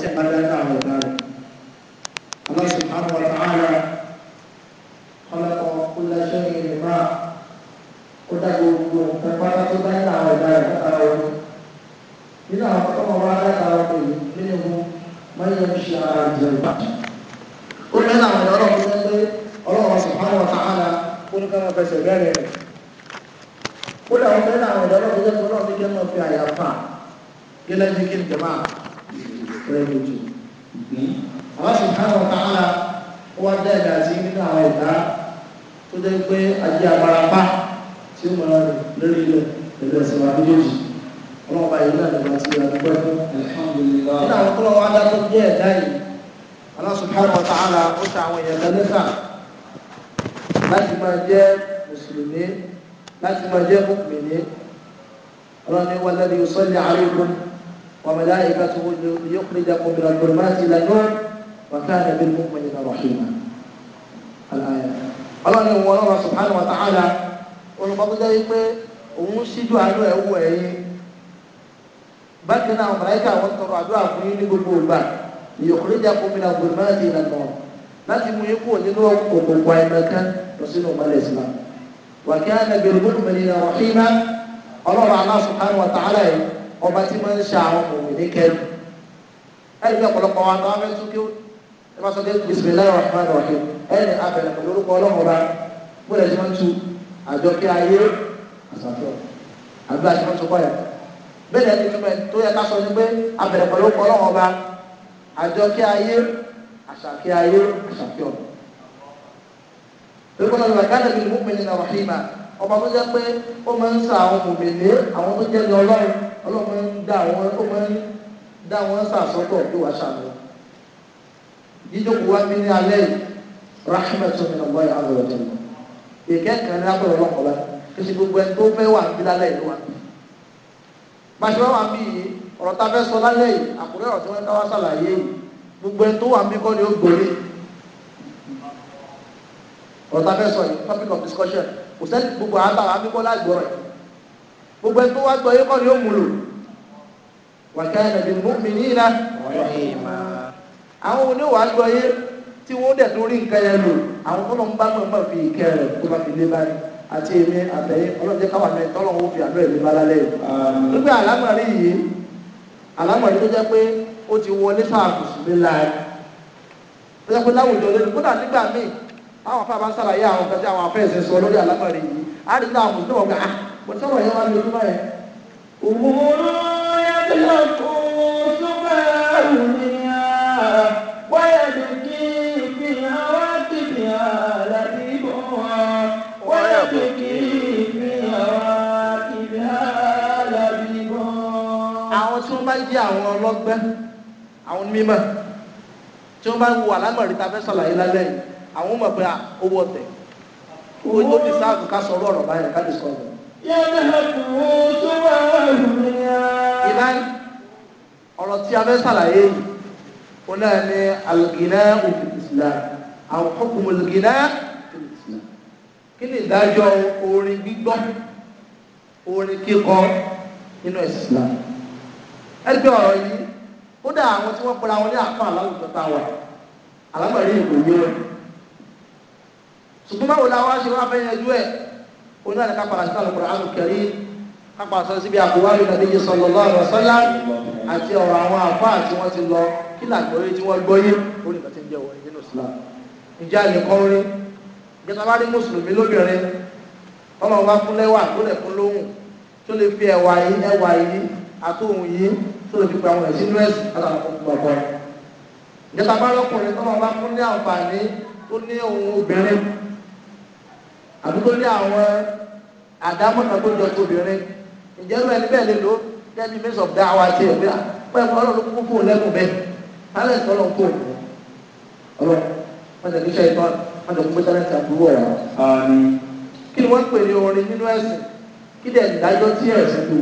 tí a bá dáná àwọn ọ̀gá rẹ̀. Allah subhanahu wa ta'ala khalaqa kulla shay'in mimma ó dá gbogbo nǹkan pátá tó bá nínú àwọn ọ̀gá rẹ̀ pátá ọdún. Nínú àwọn ọmọ wa dáná ọdún yìí nínú mu máa yẹ kí ara ìjẹun bá. Ó lẹ́nu àwọn ọ̀rọ̀ mi lẹ́nu pé Allah subhanahu wa ta'ala ó ní ká máa fẹsẹ̀ bẹ́ẹ̀ rẹ̀. Ó lẹ́nu àwọn ọmọ lẹ́nu máa dá ìdá sí nínú àwọn ìdá tó jẹ́ pé ajé abarapá tí ó máa lórí ilẹ̀ pẹ̀lú ẹ̀sìn wa méjèèjì ọlọ́ọ̀bá yìí náà lọ́wọ́ ti àdúgbò ẹ̀kọ́ nínú àwọn tó lọ́wọ́ adá tó jẹ́ ẹ̀dá yìí Allah subhanahu wa ta'ala ó ta àwọn èèyàn kan níta láti máa jẹ́ mùsùlùmí láti máa jẹ́ mùmìnì ọlọ́ni wàlẹ́ni yusalli alaykum wa malaikatuhu liyukhrijakum min al-dhulumati ila ọlọ́ni wọn lọ́wọ́ subhanahu wa ta'ala olùkọ́kọ́jọ́ yìí pé òun ṣíjú àánú ẹ̀ wù ẹ̀yìn bákan náà màláìka àwọn tọrọ àdúrà fún yín ní gbogbo ìgbà yukhrijakum mina dhulumati ila nur láti mú yín kúrò nínú òkùnkùn àìmọ̀kan lọ sínú ìmọ̀lẹ̀ Islam wa kana bil mu'minina rahima ọlọ́run subhanahu ta'ala yìí ọba tí máa ń ṣe àwọn òmìnir kẹrin ẹ̀rí ẹ máa sọ pé bisimilayi rahman rahim ẹni abẹ̀rẹ̀ pẹ̀lú orúkọ ọlọ́run ọba bóyá ẹ̀sìn máa ń tu àjọkẹ́ ayé àsàfihàn àbí àti máa ń sọkọ yà bẹ́ẹ̀ ni ẹni tó yẹ ká sọ ni pé abẹ̀rẹ̀ pẹ̀lú orúkọ ọlọ́run ọba àjọkẹ́ ayé àsàkẹ́ ayé àsàfihàn. orúkọ náà lọ́wọ́ gánà bíi mọ́mìnì náà rahima ọba tó jẹ́ pé ó máa ń sa àwọn mọ̀mìnì àwọn tó jẹ́ ní ọlọ́run ọlọ́run máa ń dá àwọn sàṣọ́tọ̀ tó wàá ṣàlùwọ̀ jíjókòó wá bí ní alẹ́ yìí rahmatu min allah ya azza wa jalla ìkẹ́ kan ní akọ̀rọ̀ ọlọ́kọ̀ bá kí sì gbogbo ẹni tó fẹ́ wà ní lálẹ́ ìlú wa bàṣẹ wà mí yìí ọ̀rọ̀ tá a fẹ́ sọ lálẹ́ yìí àkùrẹ́ ọ̀rọ̀ tí wọ́n ká wá sàlàyé yìí gbogbo ẹni tó wà mí kọ́ ni ó gbòòrè ọ̀rọ̀ tá fẹ́ sọ yìí topic of discussion kò sẹ́ni gbogbo àbá àmì kọ́ lágbọ̀rọ̀ yìí gbogbo ẹni tó wá gbọ́ yìí kọ́ ni ó àwọn oníwà gbọ́ yé tí wọ́n dẹ̀ tó rí nǹkan yẹn lò àwọn tó lọ́n bá mọ̀ọ́mọ̀ fi ìkẹ́ rẹ̀ tó bá fi lé báyìí àti èmi àtẹ̀yìn ọlọ́jẹ́ káwà mẹ́rin tọ́lọ́ wọn fi àdúrà èmi bá lálẹ́ yìí. nígbà àlámọ̀rí yìí àlámọ̀rí tó jẹ́ pé ó ti wọlé sáàkùsù mi láàyè tó jẹ́ pé láwùjọ lónìí kódà nígbà míì àwọn afẹ́ àbá ń sàlàyé àwọn kan tí àwọn afẹ́ ẹ̀sìn sọ lórí àlámọ̀rí yìí á rí náà mú níwọ̀n gbà kò ah, sọ̀rọ̀ yẹn wá ní yẹn. òmùrú yẹn ti lọ kó sọ́kẹ́ rí bí àwọn ọlọ́gbọ́n àwọn mímọ̀ tí wọ́n bá ń wo àlámọ̀rí ta fẹ́ sọ̀làyé lálẹ́ yìí àwọn mọ̀ pé owó ọ̀tẹ̀ ó ti sáàbù ká sọ ọ̀rọ̀ báyìí ká lè sọ ọ̀rọ̀. ìlànà ọ̀rọ̀ tí a fẹ́ sọ̀làyé yìí ó náà ní alùgìnà òfin Islam àwọn hukumu alùgìnà kí ni ìdájọ́ orin gbígbọ́ orin kíkọ nínú Islam ẹgbẹ́ ọ̀rọ̀ yìí ó dà àwọn tí wọ́n pera wọn ní àpá aláwùjọ tá a wà alámọ̀rí ìlú yé wọn ṣùgbọ́n báwo la wá ṣe wá fẹ́ yanjú ẹ̀ oní àná kápá àti àlùkò àlù kẹrí kápá sọ síbi àkúwárí nàbí yìí sallallahu àti ọ̀rọ̀ àwọn àpá àti wọ́n ti lọ kí làgbọ́yé tí wọ́n gbọ́yé ó nìkan ti ń jẹ́ wọ̀nyí nínú Islam ìjà nìkan rí ìjọba bá rí mùsùlùmí lóbìnrin ọlọ́run bá kún lẹ́wà tó lẹ̀ kún lóhùn tó lè fi ẹ̀wà yìí ẹ̀wà yìí àtòhùn yìí tó ti gba àwọn ẹ̀sìn nọ́ọ̀sì látàrí ọ̀pọ̀ ìjọba bá lọ́kùnrin tó máa bá fún ní àǹfààní tó ní ohun obìnrin àbí tó ní àwọn àdámọ̀nà tó jọ tó obìnrin ìjẹ́rú ẹni bẹ́ẹ̀ lè lò kẹ́bi mẹ́sàn ọ̀gá wa ti ẹ̀ bíà pẹ́ fún ọlọ́run kúkú fún lẹ́kùn bẹ́ẹ̀ alẹ́ sọ ọlọ́run kò wù ọlọ́run wọ́n ti kíṣẹ́ ìtọ́ wọ́n ọ̀rọ̀. wọ́n pè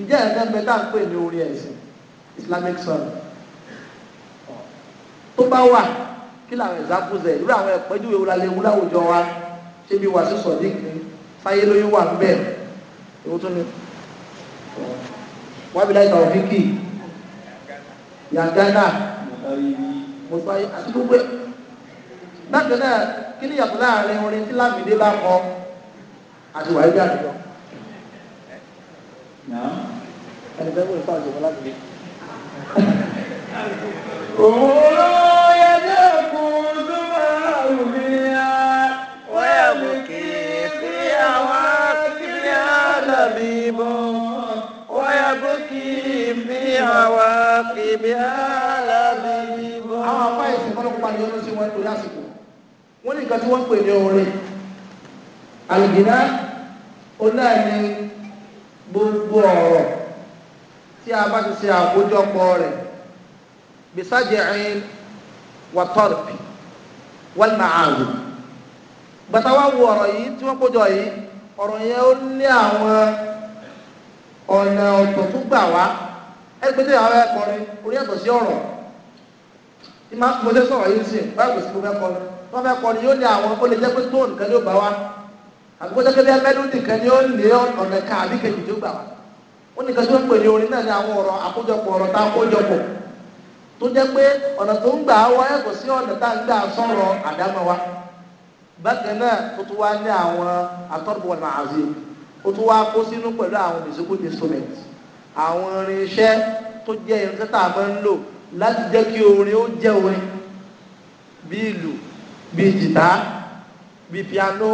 ǹjẹ́ ẹ̀rẹ́ mẹ́ta ń pè ní orin ẹ̀sìn islamic Sun. tó bá wà kí làwọn examples ẹ̀ irú àwọn ẹ̀pẹ́jú ewu la lè wú láwùjọ wa ṣé bí wàásù sọ̀dík ni sáyé lóyún wà ń bẹ̀ ewu tó ni wàbí láì tàwọn fíkì yàgánà mo sọ ayé àti gbogbo bákan náà kí ni yàtọ̀ láàrin orin tí lámìdé bá kọ àti wàá gbé àdúgbò. Naam. ada bẹ́ẹ̀ wọ́n juga lagi? láti ya, Òwúrọ̀ yẹ jẹ́ kùn tó máa rù mí á. Wọ́n yà mú kí fi àwọn akíní àdàbí mọ́. Wọ́n yà mú kí fi itu? akíní àdàbí mọ́. Àwọn apá ìsìn kọ́lọ́ pa lọ́dún gbogbo ọ̀rọ̀ tí a bá ti ṣe àkójọpọ̀ rẹ̀ bisajẹ̀rin wàtọ́rìpì wàlmàáàlù gbàtàwá wo ọ̀rọ̀ yìí tí wọ́n kójọ yìí ọ̀rọ̀ yẹn ó ní àwọn ọ̀nà ọ̀tọ̀ tó gbà wá ẹgbẹ́ tí àwọn ẹkọrin orí ẹ̀tọ̀ sí ọ̀rọ̀ mo ṣe sọ̀rọ̀ yìí sí báyìí kò sí mo fẹ́ wọ́n fẹ́ kọrin yóò ní àwọn ó lè jẹ́ pé tóun kan yóò bá wá àgbẹ̀dẹ́gbẹ́dẹ́ mẹ́lódì kan ni ó lé ọ̀nà kan àbí kejì tó gbà wá ó ní kan tó ń pè ní orin náà ní àwọn ọ̀rọ̀ àkójọpọ̀ ọ̀rọ̀ tá a kójọpọ̀ tó jẹ́ pé ọ̀nà tó ń gbà wá yàtọ̀ sí ọ̀nà tá a ń gbà sọ̀rọ̀ àdámọ́ wa bákan náà ó tún wá ní àwọn àtọ́bọ̀ màázì ó tún wá kó sínú pẹ̀lú àwọn musical instrument àwọn irinṣẹ́ tó jẹ́ irinṣẹ́ tá a máa ń lò láti jẹ́ kí orin ó jẹ́ orin bí ìlù bí jìtá bí piano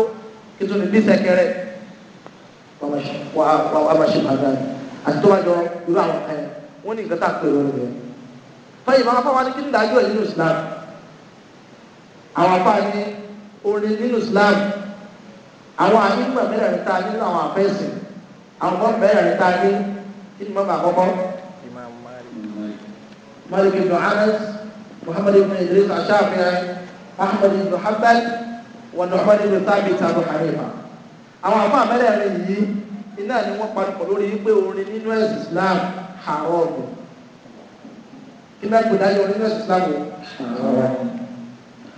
kìtùnúbísẹ̀ kẹrẹ wàá bá ṣe màgá rẹ̀ àti tó bá jọ irú àwọn kan yẹn wọ́n ní nǹkan tá a pè fẹ́yìn máa fọwọ́ ní kí ní dájú ẹ̀ nínú Islam àwọn afá ní orin nínú Islam àwọn àyíngbà mẹ́rẹ̀ẹ̀rin tá a ní nínú àwọn àfẹ́sìn àwọn ọmọ mẹ́rẹ̀ẹ̀rin tá ní kí ni mọ́mọ́ àkọ́kọ́ Malik ibn Anas Muhammad ibn Idris ash-Shafi'i Ahmad ibn Hanbal wọn nàfọ nínú táàbì tààrọ àríwá àwọn àfọ àmẹrẹẹrin yìí iná ni wọn parapọ̀ lórí pé orin nínú ẹsùn Islam àrọọbù kí náà gbé dájọ orin nínú ẹsùn Islam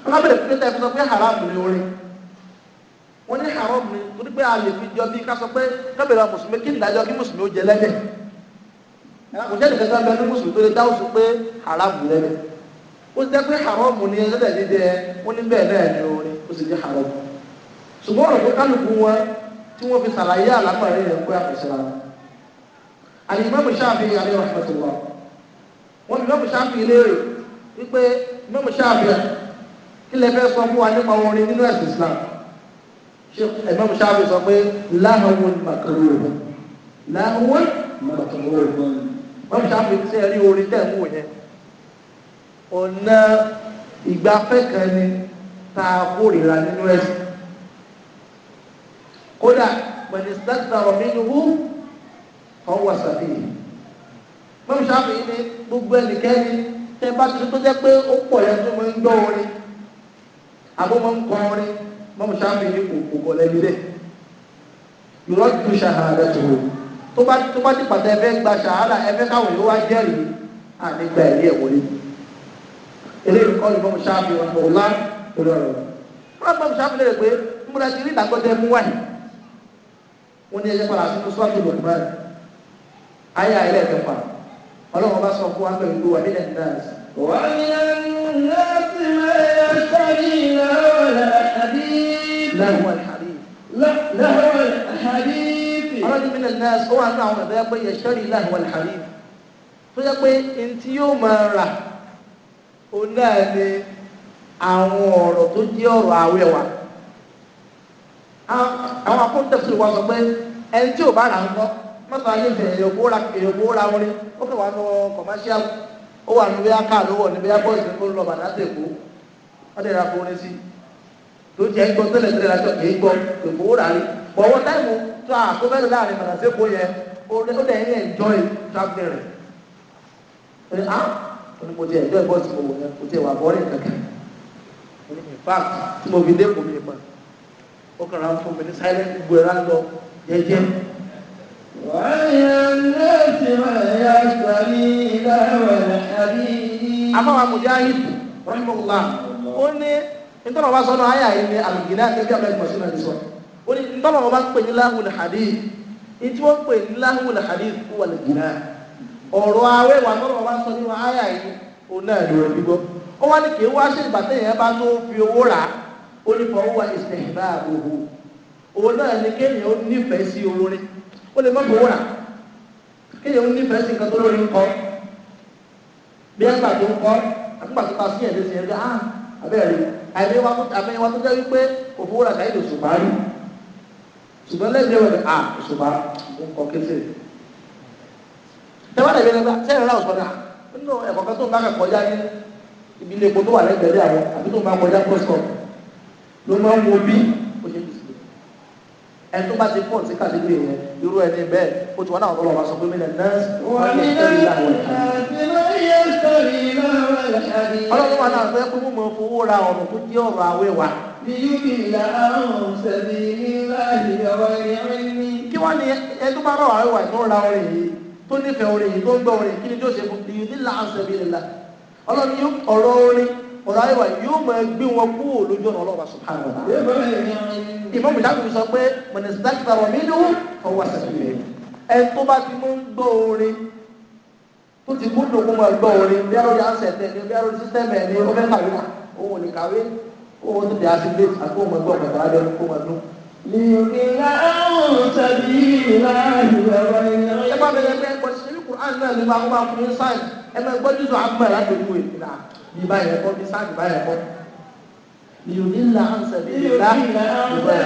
o wọn bẹ̀rẹ̀ pé tẹfí sọ pé haramu ni orin wọn ní haramu ni torí pé a fi jọ bí ká sọ pé kábẹ̀rẹ̀ mùsùlùmí kí nìdájọ́ kí mùsùlùmí ó jẹ lẹ́dẹ̀ kò jẹ́ nìkan sábẹ́ ní mùsùlùmí tó lè dáhùn sí pé haramu lẹ́dẹ̀ ó ti dẹ́ pé haramu ni ẹlẹ́dẹ̀ dídẹ ní ó sì jẹ́ haram ṣùgbọ́n ọ̀rọ̀ pé kálukú wọn tí wọ́n fi ṣàlàyé àlámọ̀rí rẹ̀ pé àfẹ́sẹ̀ra alimami ṣáàfi alẹ́ rahmatullah wọn ni mọ́mù ṣáàfi léèrè wípé mọ́mù ṣáàfi kí lè fẹ́ sọ fún wa nípa orin nínú ẹ̀sìn Islam Imam Shafi sọ pé láhùn màkàrúwò láhùn màkàrúwò Imam Shafi tí ẹ rí orin tẹ̀ ń tá a kórìíra nínú ẹ̀sìn kódà mọ̀nìsítàtà ọ̀mínú ọwọ́ sàfihàn mọ́mí sàfihàn ni gbogbo ẹnikẹ́ni tẹ́ bá tuntun tó jẹ́ pé ó pọ̀ yẹn tó máa ń gbọ́ orin àbó máa ń kọ orin mọ́mí sàfihàn ni kò kọ̀ lẹ́bi dẹ́ ìrọ́jú ṣàhàdà tó o tó bá tó bá ti pàtẹ ẹfẹ gba ṣàhàdà ẹfẹ káwọn yóò wá jẹ́rìí ànígbà ẹ̀rí ẹ̀wọlé eléyìí kọ́ ìbọn sàfihàn ọ̀la lórí ọ̀rọ̀ wọn gbọ́dọ̀ sábà lè pé múra ti rí ìdàgbọ́dẹ mú wáyé wọn ní ẹyẹ padà sínú sọ́ọ̀tù lọ́kùnrin ayé ayé ẹ̀kẹfà ọlọ́run bá sọ fún wa pẹ̀lú wà nílẹ̀ náà. wà á ní láti máa sáré lọ́wọ́ àbí. lẹ́wọ̀n àbí. lẹ́wọ̀n àbí. ọlọ́run nílẹ̀ náà ó wà nínú àwọn ẹ̀dá pé yẹ sọ́ọ̀rì lẹ́wọ̀n àbí. tó yẹ pé ntí yóò máa rà òun náà ni àwọn ọ̀rọ̀ tó jẹ́ ọ̀rọ̀ àwẹ̀ wa àwọn akóńtẹ̀sì wa sọ pé ẹni tí ò bá rà ń kọ́ mọ́tò ayé ìfẹ̀ èyògbó ra wọn ni ó kẹwàá nù commercial ó wà níbi aká ló wọ̀ níbi abọ́ọ̀sì tó ń lọ bàtà tó èkó wọ́n ti ra fún orin sí tó jẹ́ gbọ́ tẹ́lẹ̀ tẹ́lẹ̀ lásán kì í gbọ́ èkó rà rí bọ̀wọ́ táìmù tó àkóbẹ́lẹ̀ láàrin bàtà tó èkó yẹn ó dẹ̀ ń enjoy travelling rẹ̀ ah onímọ̀jẹ̀ ẹ̀jọ́ ìbọ̀sì mo wò yẹn kò tiẹ̀ wà bọ́ọ̀rì kankan in fact tí mo fi dé kò mi mọ̀ ó kàn án fún mi ní silent gbogbo ẹ̀rọ lọ jẹ́jẹ́. wáyé lẹ́sìn ẹ̀yà sàrí ìdáwẹ̀ àbí. afọwọ́ Mujahid rahimahullah ó ní nítorí wọn bá sọ náà ayé àyè ní àlùgínà gẹ́gẹ́ bí ẹgbẹ́ sínú ẹ̀sọ́ ó ní nítorí wọn bá pè ní láhùn hadith ní tí wọ́n pè ní láhùn hadith kú wà lè ọ̀rọ̀ awẹ́wà nítorí wọn bá sọ nínú ayé òun náà ló rẹ̀ gbígbọ́ ó wá ní kì í wá ṣe ìgbà téèyàn bá tó fi owó rà á ó ní fọwọ́ wá ìsìn ìbá àbòbò òun náà ni kéèyàn ó nífẹ̀ẹ́ sí olórin ó lè má fowó rà kéèyàn ó nífẹ̀ẹ́ sí nǹkan tó lórí ń kọ́ bí ẹ gbà tó ń kọ́ àgbà tó ta sí ẹ̀ lẹ́sìn ẹ̀gá àbẹ́rẹ́ ah, àbẹ́yẹwà tó jẹ́ wípé kò fowó rà káyé lòṣùpá rí ṣùgbọ́n lẹ́gbẹ̀ẹ́ wẹ̀ à ah, òṣùpá ó ń kọ́ kéṣe tẹ́wọ́n nínú ẹ̀kọ́ kan tó ń bá kà kọjá ní ibi ilé epo tó wà lẹ́gbẹ̀ẹ́ rẹ̀ àbí tó ń bá kọjá pọ̀sọ̀ ló máa ń wo bí ó ṣe ń dìsílẹ̀ ẹni tó bá ti pọ̀ sí kàdébí rẹ̀ irú ẹni bẹ́ẹ̀ ó ti wọn náà lọ́wọ́ sọ pé mílẹ̀ nọ́ọ̀sì wọ́n yẹ sọ́rí láwọn ẹ̀ ọlọ́run wa náà fẹ́ kó mú mọ fowó ra ọ̀rọ̀ tó jẹ́ ọ̀rọ̀ àwẹ̀ wa. kí wọ́n ní ẹni tó bá rọ̀ àwẹ̀ wa ìmúra ọ̀rẹ́ yìí tó nífẹ̀ẹ́ orin yìí tó ń gbọ́ orin kí ni tí ó ṣe fún ìyí nílà àṣẹbí nílà ọlọ́run yóò ọ̀rọ̀ orin ọ̀rọ̀ ayéwà yóò mọ ẹgbẹ́ wọn kú lójú ọ̀nà ọlọ́wà subhanahu wa ta'ala ìmọ̀ ìdáàbò sọ pé mọ̀nẹ́sítà kìtà wọ̀ mí lówó ọwọ́ àṣẹbí ẹ tó bá ti mú ń gbọ́ orin tó ti kú dùn kó mọ ẹgbọ́ orin bí arọ́dí àṣẹ̀tẹ̀ ni bí arọ́dí sísẹ́mẹ̀ ní kàwé lìyìnlá ọ̀hún tàbí ìlànà ìwà ìlànà. ẹ bá bẹ̀rẹ̀ pé ẹ̀kọ́ sí ní Quran náà ní máa máa fún sáìn ẹ máa gbọ́ jùlọ àgbà láti mú èyí náà bí báyìí ẹ̀kọ́ bí sáìn báyìí ẹ̀kọ́. lìyìnlá ọ̀hún tàbí ìlànà ìwà ìlànà.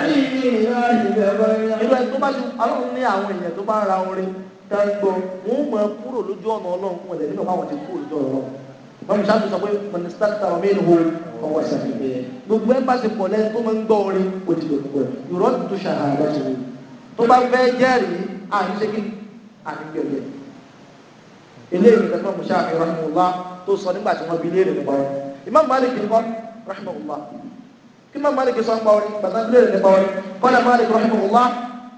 ìlú ẹ̀ tó bá ju ọlọ́run àwọn èèyàn tó bá ra orin dáńgbọ́n wọ́n mọ̀ kúrò lójú ọ̀nà ọlọ́run wọn ní sábà sọ pé mọ̀nìsítàkìtà ọ̀mí ìlú ọwọ́ sàfihàn yẹn gbogbo ẹ̀ bá ti pọ̀ lẹ́yìn tó máa ń gbọ́ orin òtítọ́ gbogbo ẹ̀ yòrò tó ṣàhàrà bá ti wù tó bá fẹ́ jẹ́rìí àyíṣẹ́kì àyíṣẹ́kì eléyìí nìkan tó mọ̀ṣá àmì rahimahullah tó sọ nígbà tí wọ́n bi léèrè nípa rẹ̀ Imam Malik nípa rahimahullah kí Imam Malik sọ nípa rẹ̀ bàtà léèrè nípa rẹ̀ kọ́lá Malik rahimahullah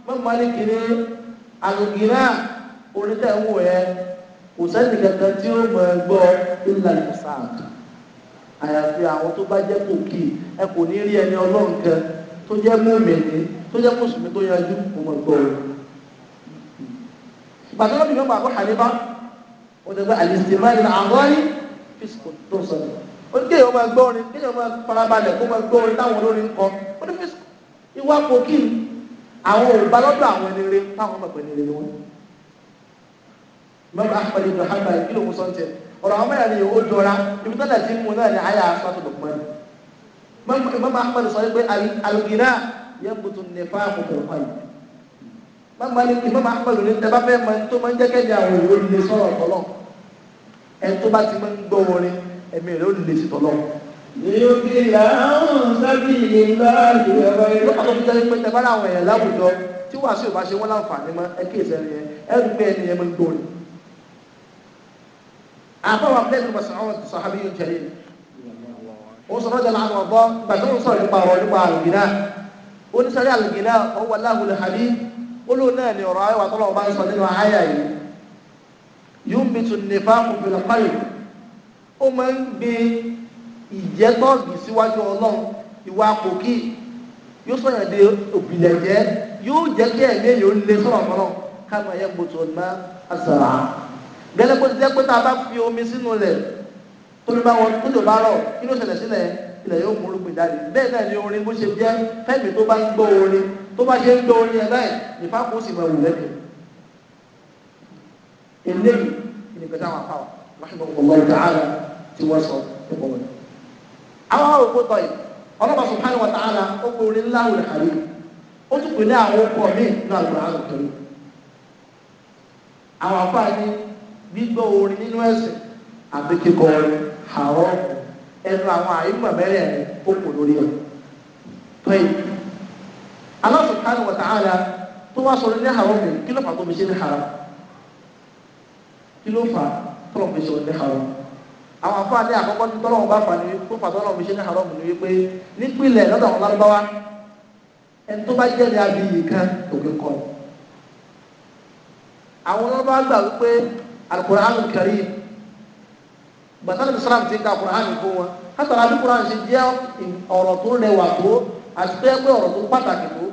Imam Malik ní alùpùpù kò sẹ́ni kankan tí ó mọ ẹgbọ́ ńlá ìsáàdù àyàfi àwọn tó bá jẹ́ kòkì ẹ kò ní rí ẹni ọlọ́run kan tó jẹ́ mọ́mìnì tó jẹ́ mùsùlùmí tó yanjú ọmọ ẹgbọ́ rẹ̀. gbàdúrà bí mẹ́fà àbúrò hàníbá ó ti gbé àlìsèmá ìlà àgọ́rí fíṣkò tó sọ̀rọ̀ ó ní kéèyàn máa gbọ́ orin kéèyàn máa farabalẹ̀ kó máa gbọ́ orin táwọn olórin ń kọ ó ní fíṣkò ìwà kòkì àwọn ò àwọn ẹni rẹ táwọn ọmọ ẹgbẹ́ ni rẹ wọn mọ́mú Ahmad ibn Hanbal kí ló ń sọ ń tẹ ọ̀rọ̀ àwọn mẹ́rin ni ó jọra ibi tọ́lá ti mú náà ni àyà asọ́tò lùpọ̀n mọ́mú Ahmad sọ pé alùgìnà yẹn kutu nípa àkùkù pàlù mọ́mú alùgìnà mọ́mú Ahmad ní tẹ́ bá fẹ́ mọ tó máa ń jẹ́ kẹ́ni àwọn èrò lè sọ̀rọ̀ tọ́lọ̀ ẹ̀ tó bá ti máa ń gbọ́ orin ẹ̀mí rẹ̀ ó lè sì tọ́lọ̀ Ìrúkìlá ń sábìlì láàyè ẹ̀rọ ìlú. Lọ́pàá tó fi jẹ́ pé tẹ bá láwọn èèyàn láwùjọ tí wàásù ìbáṣe wọn láǹfààní kí ìṣẹ̀lẹ̀ yẹn àbáwọ̀ abúlé ìlú mas'ud sàhábí yóò jẹ́lé ó sọ̀rọ̀ jẹ́ láàrín ọ̀gbọ́ gbàtọ́ ń sọ̀rọ̀ nípa ọ̀rọ̀ nípa àlùgìnà ó ní sọ́rí àlùgìnà ó wà láhùlù hàbí ó lò náà ni ọ̀rọ̀ ayọ̀wà tọ́lọ̀ bá ń sọ nínú àyà yìí yóò ń bitu nípa kùbìlà pálí ó máa ń gbé ìjẹ́tọ́ọ̀gì síwájú ọlọ́run ìwà kòkí yóò sọ̀rọ̀ de òbílẹ̀ jẹ́ yóò jẹ́ kí ẹ̀mí èèyàn lé sọ̀rọ̀ mọ́rọ̀ ká gẹ́lẹ́ bó ti jẹ́ pé tá a bá fi omi sínú rẹ̀ tómi bá wọn tó lè bá rọ̀ kí ló ṣẹlẹ̀ sílẹ̀ ilẹ̀ yóò mú olùpìn jáde bẹ́ẹ̀ náà ni orin bó ṣe jẹ́ fẹ́mi tó bá ń gbọ́ orin tó bá ṣe ń gbọ́ orin ẹ̀ báyìí nípa kó sì máa wù lẹ́nu eléyìí ìnìkan táwọn afáwà rahimahullahu ta'ala tí wọ́n sọ ẹ̀kọ́ wọn. àwọn àwọn òkú tọ̀ yìí ọlọ́mọ subhanahu wa ta'ala ó pe orin ńlá rẹ̀ àrí ó tún pè ní àwọn okọ̀ míì ní àgbà àrùn torí àwọn afáà gbígbọ́ orin nínú ẹ̀sìn àbí kíkọ orin àwọn ẹnu àwọn àyíkọ̀ mẹ́rẹ̀ẹ̀rin ó kò lórí ẹ̀ tọ́yì Allah subhanahu wa ta'ala tó wá sọ ní àwọn obìnrin kí ló fà tó fi ṣe ní haram kí ló fà tọ́lọ̀ fi ṣe ní haram àwọn afáàní àkọ́kọ́ tí tọ́lọ̀ bá fà ní tó fà tọ́lọ̀ fi ṣe ní haram ni wípé nípìnlẹ̀ lọ́dọ̀ àwọn lárúbáwá ẹni tó bá jẹ́ ní abiyì kan alukur'anu kari gbàtàlẹ̀ bisalam ti ka alukur'anu fún wa hátàlá bí kur'an ṣe jẹ́ ọ̀rọ̀ tó rẹwà tó àti pé pé ọ̀rọ̀ tó pàtàkì tó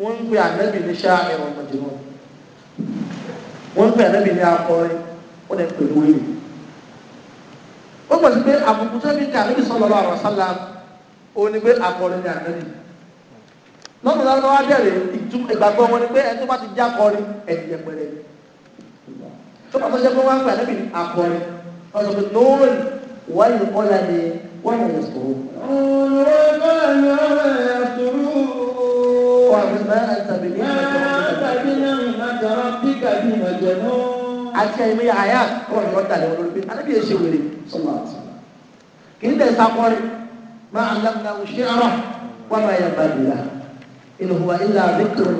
wọ́n ń pè ànábì ní ṣá ẹ̀rọ ọ̀mọ̀jìmọ̀ wọ́n ń pè ànábì ní akọrin wọ́n dẹ̀ pè lórí wọ́n pọ̀ sí pé àbùkù sẹ́bi ká ànábì sallallahu alaihi wasallam ó ní pé akọrin ní ànábì lọ́nà lọ́nà wá bẹ̀rẹ̀ ìgbàgbọ́ wọn ni pé ẹni tó bá ti já kọrin ẹ̀yìn ẹ̀pẹ̀rẹ̀ tó bá tó jẹ́ pé wọ́n á pè àlẹ́ mi àkọrin wọ́n sọ pé lóòrè wọ́n yìí kọ́ ya ni wọ́n yìí lè sọ̀rọ̀. àti ẹ̀mí àyà kọ́ ni wọ́n tà lẹ́wọ́n lórí pé alábí ẹ̀ ṣe wèrè sọ́mọ́ àti. kì í dẹ̀ sakọrin máa ń lọ́nà òṣèré ọ̀rọ̀ wọ́n máa yẹ bàbí la inú wa ilà àbíkúrò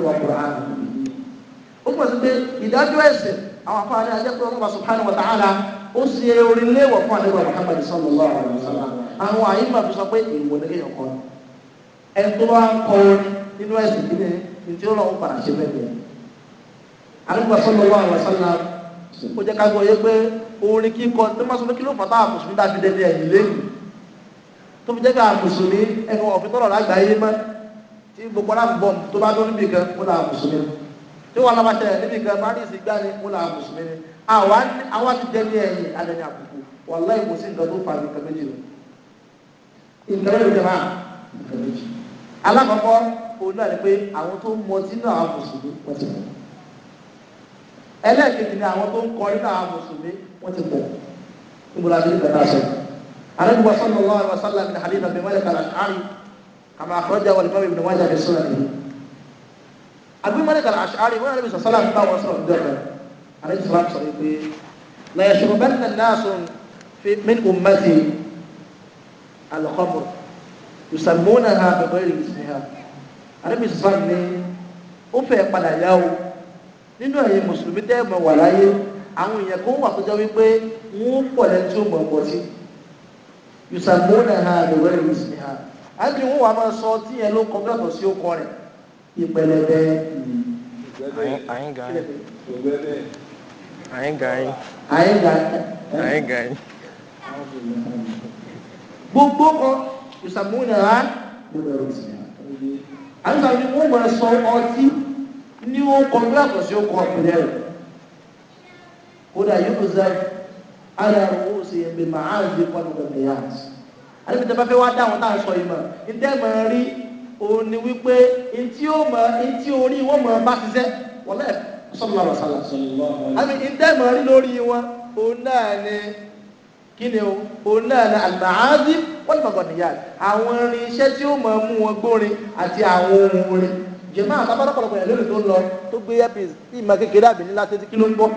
ni ìdájọ́ ẹ̀sìn àwọn afọ àdá ẹjẹ pé ọlọ́ba subhanahu wa ta'ala ó ṣe orin léèwọ̀ fún àdébọ̀ Muhammad sallallahu alaihi wasallam àwọn àyínbà tó sọ pé ìwọ ní kéèyàn kọ ẹni tó bá ń kọ orin nínú ẹ̀sìn kí ni tí ó lọ́wọ́ padà ṣe bẹ́ẹ̀ bẹ́ẹ̀ àdébọ̀ sallallahu alaihi wasallam ó jẹ́ ká gbọ́ yé pé orin kíkọ tó má sọ pé kí ló fàtà àmùsùnmí dá fi dẹ́ni ẹ̀yìn lẹ́yìn tó fi jẹ́ ká àmùsùnmí ẹnu ọ̀fin tí wọn lọ́ba ṣẹlẹ̀ níbi nǹkan paris gbá ni mo là mùsùlùmí ni àwa ti jẹ́ ní ẹ̀yìn alẹ́ ní àbùkù wàláì kò sí nǹkan tó fa nǹkan méjì lọ. nǹkan méjì kan náà nǹkan méjì. alákọ̀ọ́kọ́ òun náà ni pé àwọn tó ń mọtí náà àwọn mùsùlùmí wọ́n ti pọ̀. ẹlẹ́ẹ̀kejì ni àwọn tó ń kọ nínú àwọn mùsùlùmí wọ́n ti pọ̀. níbo la ti ń sọ. àrẹ́bí wa sallallahu alaihi wa sallam ní hadith Abi Malik al-Ash'ari kama akhrajahu al-Imam Ibn àbí mọ́lẹ́kà àṣàrí wọ́n rẹ̀ sọ sọ́lá bá wọn sọ̀rọ̀ dọ́kà àrẹ́sì sọ́lá sọ wípé la yashrubanna an-nasu min ummati al-khamr yusammunaha bi ghayri ismiha àrẹ́bì sọ́lá ní ó fẹ́ padà yá o nínú ẹ̀yìn mùsùlùmí tẹ́ mọ̀ wà láyé àwọn èèyàn kan wà tó jẹ́ wípé wọ́n pọ̀ tí ó mọ̀ pọ̀ sí yusammunaha bi ghayri ismiha àti wọ́n wà máa sọ tí yẹn ló kọ́ ìpẹlẹbẹ àyíngáyín um, àyíngáyín gbogbo kan ìsàmúnà á àwọn ìsàmúnà wọn máa sọ ọtí ní ó kọ ní àkọsí ó kọ ọkùnrin rẹ kódà yóò kó sẹ ara owó sì yẹn bí màá ń gbé pọnù pẹ̀lú yàtọ̀ àti bí tẹ bá fẹ́ wá dáhùn tá sọ yìí mọ ní tẹ rí òun ni wípé ntí ó mọ ntí orí wọn mọ bá ti sẹ wọlé sọlá rẹ sọlá àmì ntẹ́mọ̀ rí lórí wọn òun náà ni kí ni o òun náà ni àlùmáàdì wọ́n mọ̀ gọ̀nìyà àwọn irin iṣẹ́ tí ó mọ̀ mú wọn gbórin àti àwọn ohun orin jẹ̀mọ́ àtàbọ̀dọ̀pọ̀lọpọ̀ yẹn lórí tó ń lọ tó gbé airpeace tí ìmọ̀ kékeré àbí ńlá tẹ́tí kí ló ń gbọ́.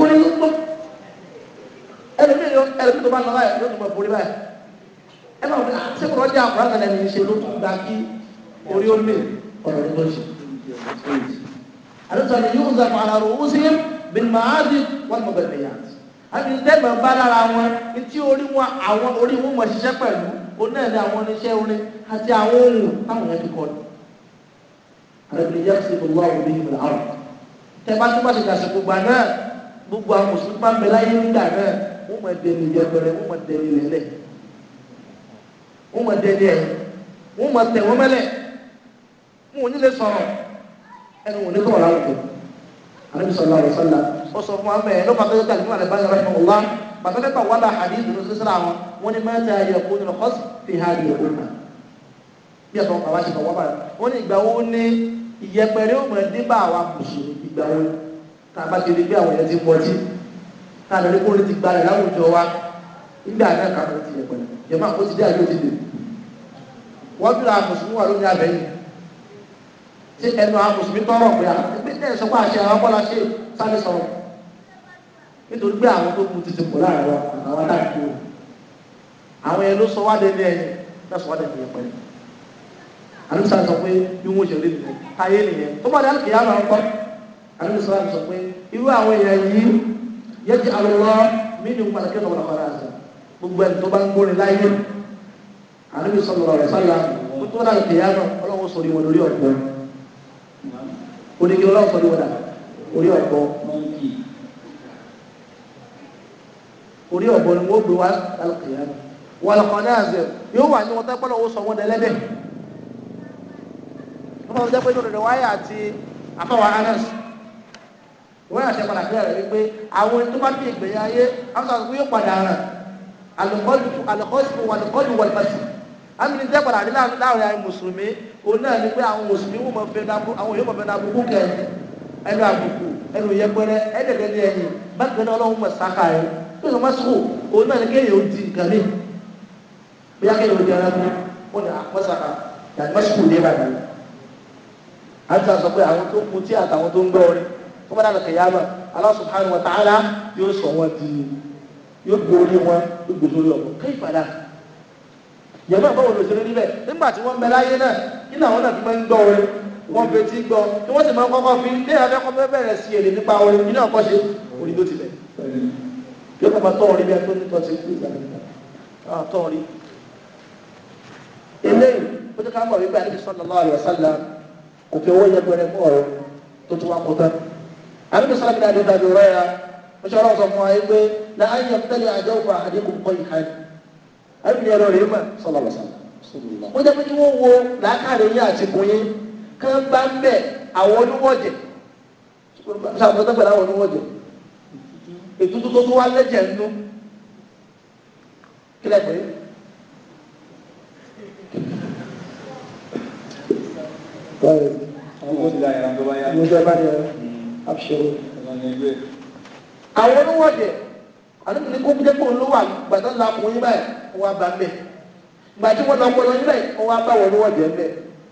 orin ló gbọ́ ẹlẹ́bí tó bá nà báyìí yóò tún bọ̀ borí báyìí ẹ máa wọ sẹ́kùn ọjà àkùrá kan ẹni ṣe ló tún gba kí orí ó lè ọ̀rọ̀ ní bọ́ọ̀ṣì. àdúgbò ni yóò zàpọ̀ àlàrò ó sì bìn máa dì wọ́n mọ̀ bẹ̀rẹ̀ yà. àti dẹ́gbẹ̀ bá lára wọn ní tí orí wọn àwọn orí wọn mọ̀ ṣiṣẹ́ pẹ̀lú onáàdé àwọn oníṣẹ́ orin àti àwọn ohun táwọn yẹn ti kọ́ ni. àdúgbò yẹ kí ṣe wọ́n bí ìmọ̀ àrùn. tẹ bá tún bá ti dàsìkò gbà náà gbogbo àwọn mùsùlùmí bá ń bẹ náà wọ́n máa dẹni yẹpẹrẹ wọ́n máa lele, lẹ́lẹ̀ wọ́n máa dẹni ẹ̀ wọ́n máa tẹ̀ wọ́n mẹ́lẹ̀ wọn ò ní lè sọ̀rọ̀ ẹnu wọn ò ní sọ̀rọ̀ láwùjọ àdébí sọ̀rọ̀ àrẹ sọ̀lá ó sọ fún wa mẹ́ẹ̀ ló pàtó yóò tàbí wọn àdébá yọrọ ìmọ̀ wọn pàtó nípa wọn bá ni máa ta ayọ̀ kó nínú kọ́sì fi ha di òkú ma bí ẹ̀sán bàbá ṣe fọwọ́ báyìí wọn ni ìgbà wo ni ìyẹpẹrẹ ó mọ̀ ẹ́ dé bá àwa kùsùn ìgbà wo tá a ti rí bí àwọn ẹ̀yẹ ti ká lórí kó lè ti gbalẹ̀ láwùjọ wa nígbà náà ká lórí ti yẹ pẹ̀lú jẹ̀mọ́ àkóso dé àjọ ti dè wọ́n tún àwọn mùsùlùmí wà lónìí abẹ́yìn tí ẹnu àwọn mùsùlùmí tọrọ pé àgbẹ̀ ah, náà sọ pé àṣẹ àwọn bọ́lá ṣe sáré sọ̀rọ̀ nítorí pé àwọn tó kù ti ti pọ̀ láàrin wa àwọn adáàkú àwọn yẹn ló sọ wá dé ní ẹ̀yìn náà sọ wá dé ní ẹ̀yìn pẹ̀lú yẹ́dí àlọ́ mínú pàtàkì ọ̀rọ̀ àwọn aráàlú gbogbo ẹni tó bá ń gbórin láyé àníbi sọ̀rọ̀ rẹ̀ sálà mú tó náà tẹ̀yà náà ọlọ́run sọ̀rọ̀ ìwọ̀n lórí ọ̀pọ̀ onígi ọlọ́run sọ̀rọ̀ ìwọ̀n lórí ọ̀pọ̀ orí ọ̀pọ̀ ni wọ́n gbé wá lálùkìyà wọn lọ́kàn náà zẹ̀ yóò wà ní wọn tẹ́pọ̀ lọ́wọ́ sọ wọn dẹ́lẹ́dẹ̀ wọ́n wọn yà sẹ padà bí ẹrẹ wípé àwọn tó bá fi ìgbéyà ayé amúsàkó yóò padà rẹ alùpọ̀lù alùpọ̀lù alùpọ̀lù wọlùpọ̀sì amúni tẹ padà rí láwọn ẹ̀yà mùsùlùmí òun náà ni pé àwọn mùsùlùmí wọn máa fẹ́ dàbò àwọn yóò máa fẹ́ dàbò kú kẹ ẹnu àbùkù ẹnu yẹpẹrẹ ẹnu ẹdẹni ẹyìn bákan náà ni kéèyàn ó di nǹkan mi bí akéèyàn ó di ara mi wọn ni àpọ́sàkà yàtọ̀ sùkò dé bàbá àti àsọ pé àwọn tó kú tí àtàwọn tó ń gbọ́ orin tó bá dànù kìyàmà Allah wa ta'ala yóò sọ wọn di yóò gbé wọn yóò gbé ọkọ kéyì padà yẹmọ àbáwò ló ṣeré níbẹ̀ nígbà tí wọn bẹ láyé náà nínú àwọn náà fi máa ń gbọ́ orin wọn fi ti gbọ́ tí wọn sì máa ń kọ́kọ́ fi ní abẹ kọ fẹẹ sí èrè nípa orin nínú ọkọ ṣe orin tó ti bẹ yóò kọ́ máa tọ́ orin bí ẹ tó ní tọ́ sí ní ìgbàlódé náà ah, tọ́ orin eléyìí ó ti ká mọ̀ wípé àdébísọ́nà lọ́wọ́ àlùfáà sálà kò fi owó yẹpẹrẹ àbí bisala bi dàdé dàdé rẹ ya mọṣẹ ọlọ́run sọ fún wa yìí pé na ayé yẹn tẹlẹ àjọ fún àdé kò kọ yìí hàn àbí bi ẹrọ rẹ mà sọlọ lọ sọlọ. ó jẹ́ pé kí wọ́n wo làákàrẹ yín àti bùnyín kí wọ́n bá ń bẹ̀ àwọn oníwọ̀jẹ̀ sàbọ̀tán pẹ̀lú tó tó wá àṣẹwò. àwọn oníwọ̀dẹ̀ àdúgbò ní kókó dẹ́kun ló wà gbàdán la kùn yín báyìí wọ́n á bá mẹ́ gbà tí wọ́n lọ pọ̀ lọ́yìn báyìí wọ́n á bá wọn oníwọ̀dẹ̀ mẹ́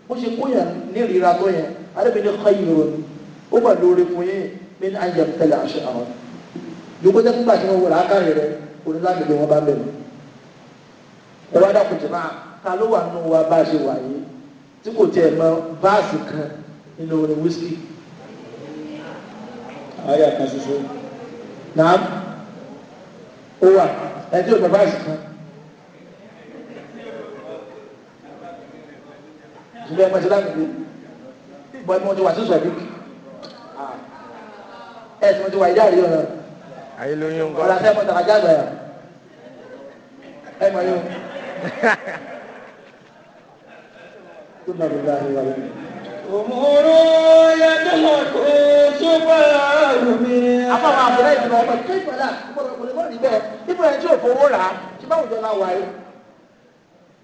bó ṣe kó yàn ní ìrira tó yẹn àdúgbò ní kọ́ yìí rọ̀ ó bà lóore fún yín mí ní àyè tẹ̀lé àṣẹ àwọn dùgbò dẹ́kun gbà tí wọ́n wọlé ákàrí rẹ̀ onílàgbègbè wọn bá bẹ̀ mọ́ ẹ wá dàkùtì náà ta ló wà nù wa bá a ṣe wà yìí tí kò tiẹ̀ mọ báàsì kan nínú orin wíṣkì àyà kan ṣoṣo náà ó wà ẹjọ́ bàbá ìṣùkan ìṣẹ̀lẹ̀ ẹgbẹ́ ìṣẹ̀lẹ̀ àgbègbè bọ́ ẹgbẹ́ wọn ti wà sí sọ̀dí ẹ̀ ah. tí wọ́n ti wà ìdá àríyọ̀ náà ayé lóyún nǹkan ọ̀là sẹ́mu tàkà jáde ẹ̀ ẹ̀ mọ̀ yóò. أمور يدلك سبحان من àbáwọn àbúrò ìdìbò ọmọ tó ìpàdà ọmọdé mọ́ rí bẹ́ẹ̀ níbo ẹni tí ò fowó rà á ṣe báwo jọ láwa yìí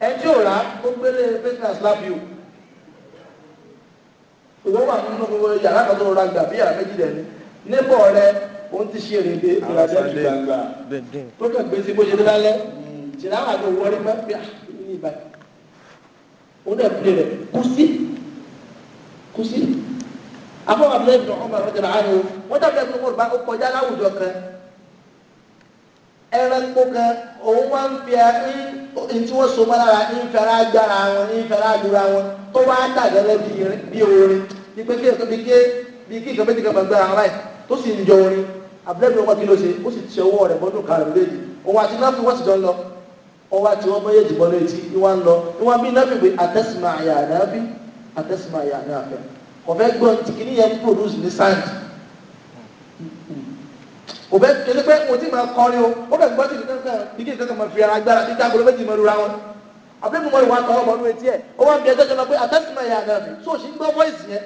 ẹni tí ò rà á ó gbélé business lab you ìwọ wà nínú gbogbo yàrá kan tó rọra gbà bí yàrá méjì dẹ̀ ni rẹ òun ti ṣe èrèdè ìrìnàjò gbàgbà tó kàn gbé sí bó lálẹ́ ṣìlá kú sí. afọwọ́ abúlé ibùdó ọmọ rẹ̀ jọ̀rọ̀ àánú wọ́n dàgbà ẹgbẹ́ wọn bá ó kọjá láwùjọ kan ẹranko kan òun wá ń fi ntí wọ́n so mọ́lára ń fẹ́ra wọn ń fẹ́ra dúra wọn tó wá dàgẹ́lẹ́ bí orin bí pé kí nǹkan méjì kan máa gbára tó sì ń kí ló ó sì kan àti lọ àtẹ́sìmá yà ní àfẹ́ ọ̀bẹ gbọ́n tí kìíní yẹn produce ní sound ọ̀bẹ kìíní pé mo ti máa kọrin o ó bẹ̀ gbọ́n tí kìíní kankan kìíní kankan máa fi ara gbára kí káàkiri méjì máa rura wọn àbúrò mi mọ ìwà àtọwọ́ bọ̀ nínú etí ẹ̀ ó wá ń bí ẹjọ́ jọ lọ pé àtẹ́sìmá yà ní àfẹ́ so ṣì ń gbọ́ voice yẹn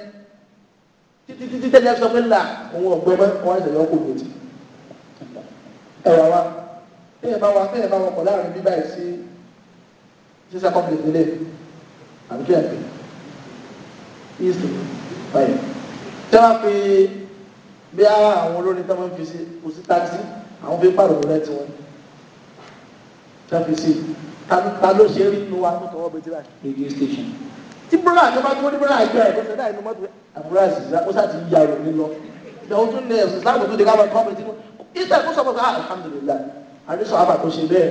títí títí tẹ́lẹ̀ sọ pé là òun ọ̀gbọ́n mọ́ wọn ṣẹ̀yọ́ kò lòdì ẹ̀wà wa téèyàn bá wa téèyàn bá wọkọ̀ láàrin bíbá ẹ̀ sí sísá kọ́pìlì ìdílé àbí kéèyàn pè é east báyìí tí wọ́n fi bí àwọn olórin tó máa ń fi sí kò sí táxi àwọn fi pàrọ̀ rẹ̀ tiwọn tí wọ́n fi sí ta ló ṣe rí inú wa tó tọwọ́ bẹ tíra radio station tí búrọ̀ àjọba tó ní búrọ̀ àjọ ẹ̀ tó ṣẹ̀dá inú mọ́tò àbúrò àṣìṣe ó sàtì yíya rò ní lọ ìgbà ó tún ní ẹ̀sìn sáàbù tó di ká máa kọ́ bẹ tí wọ́n ìṣe àkóso ọ̀pọ̀ ká alhamdulillah àdéṣọ àbà tó ṣe bẹ́ẹ̀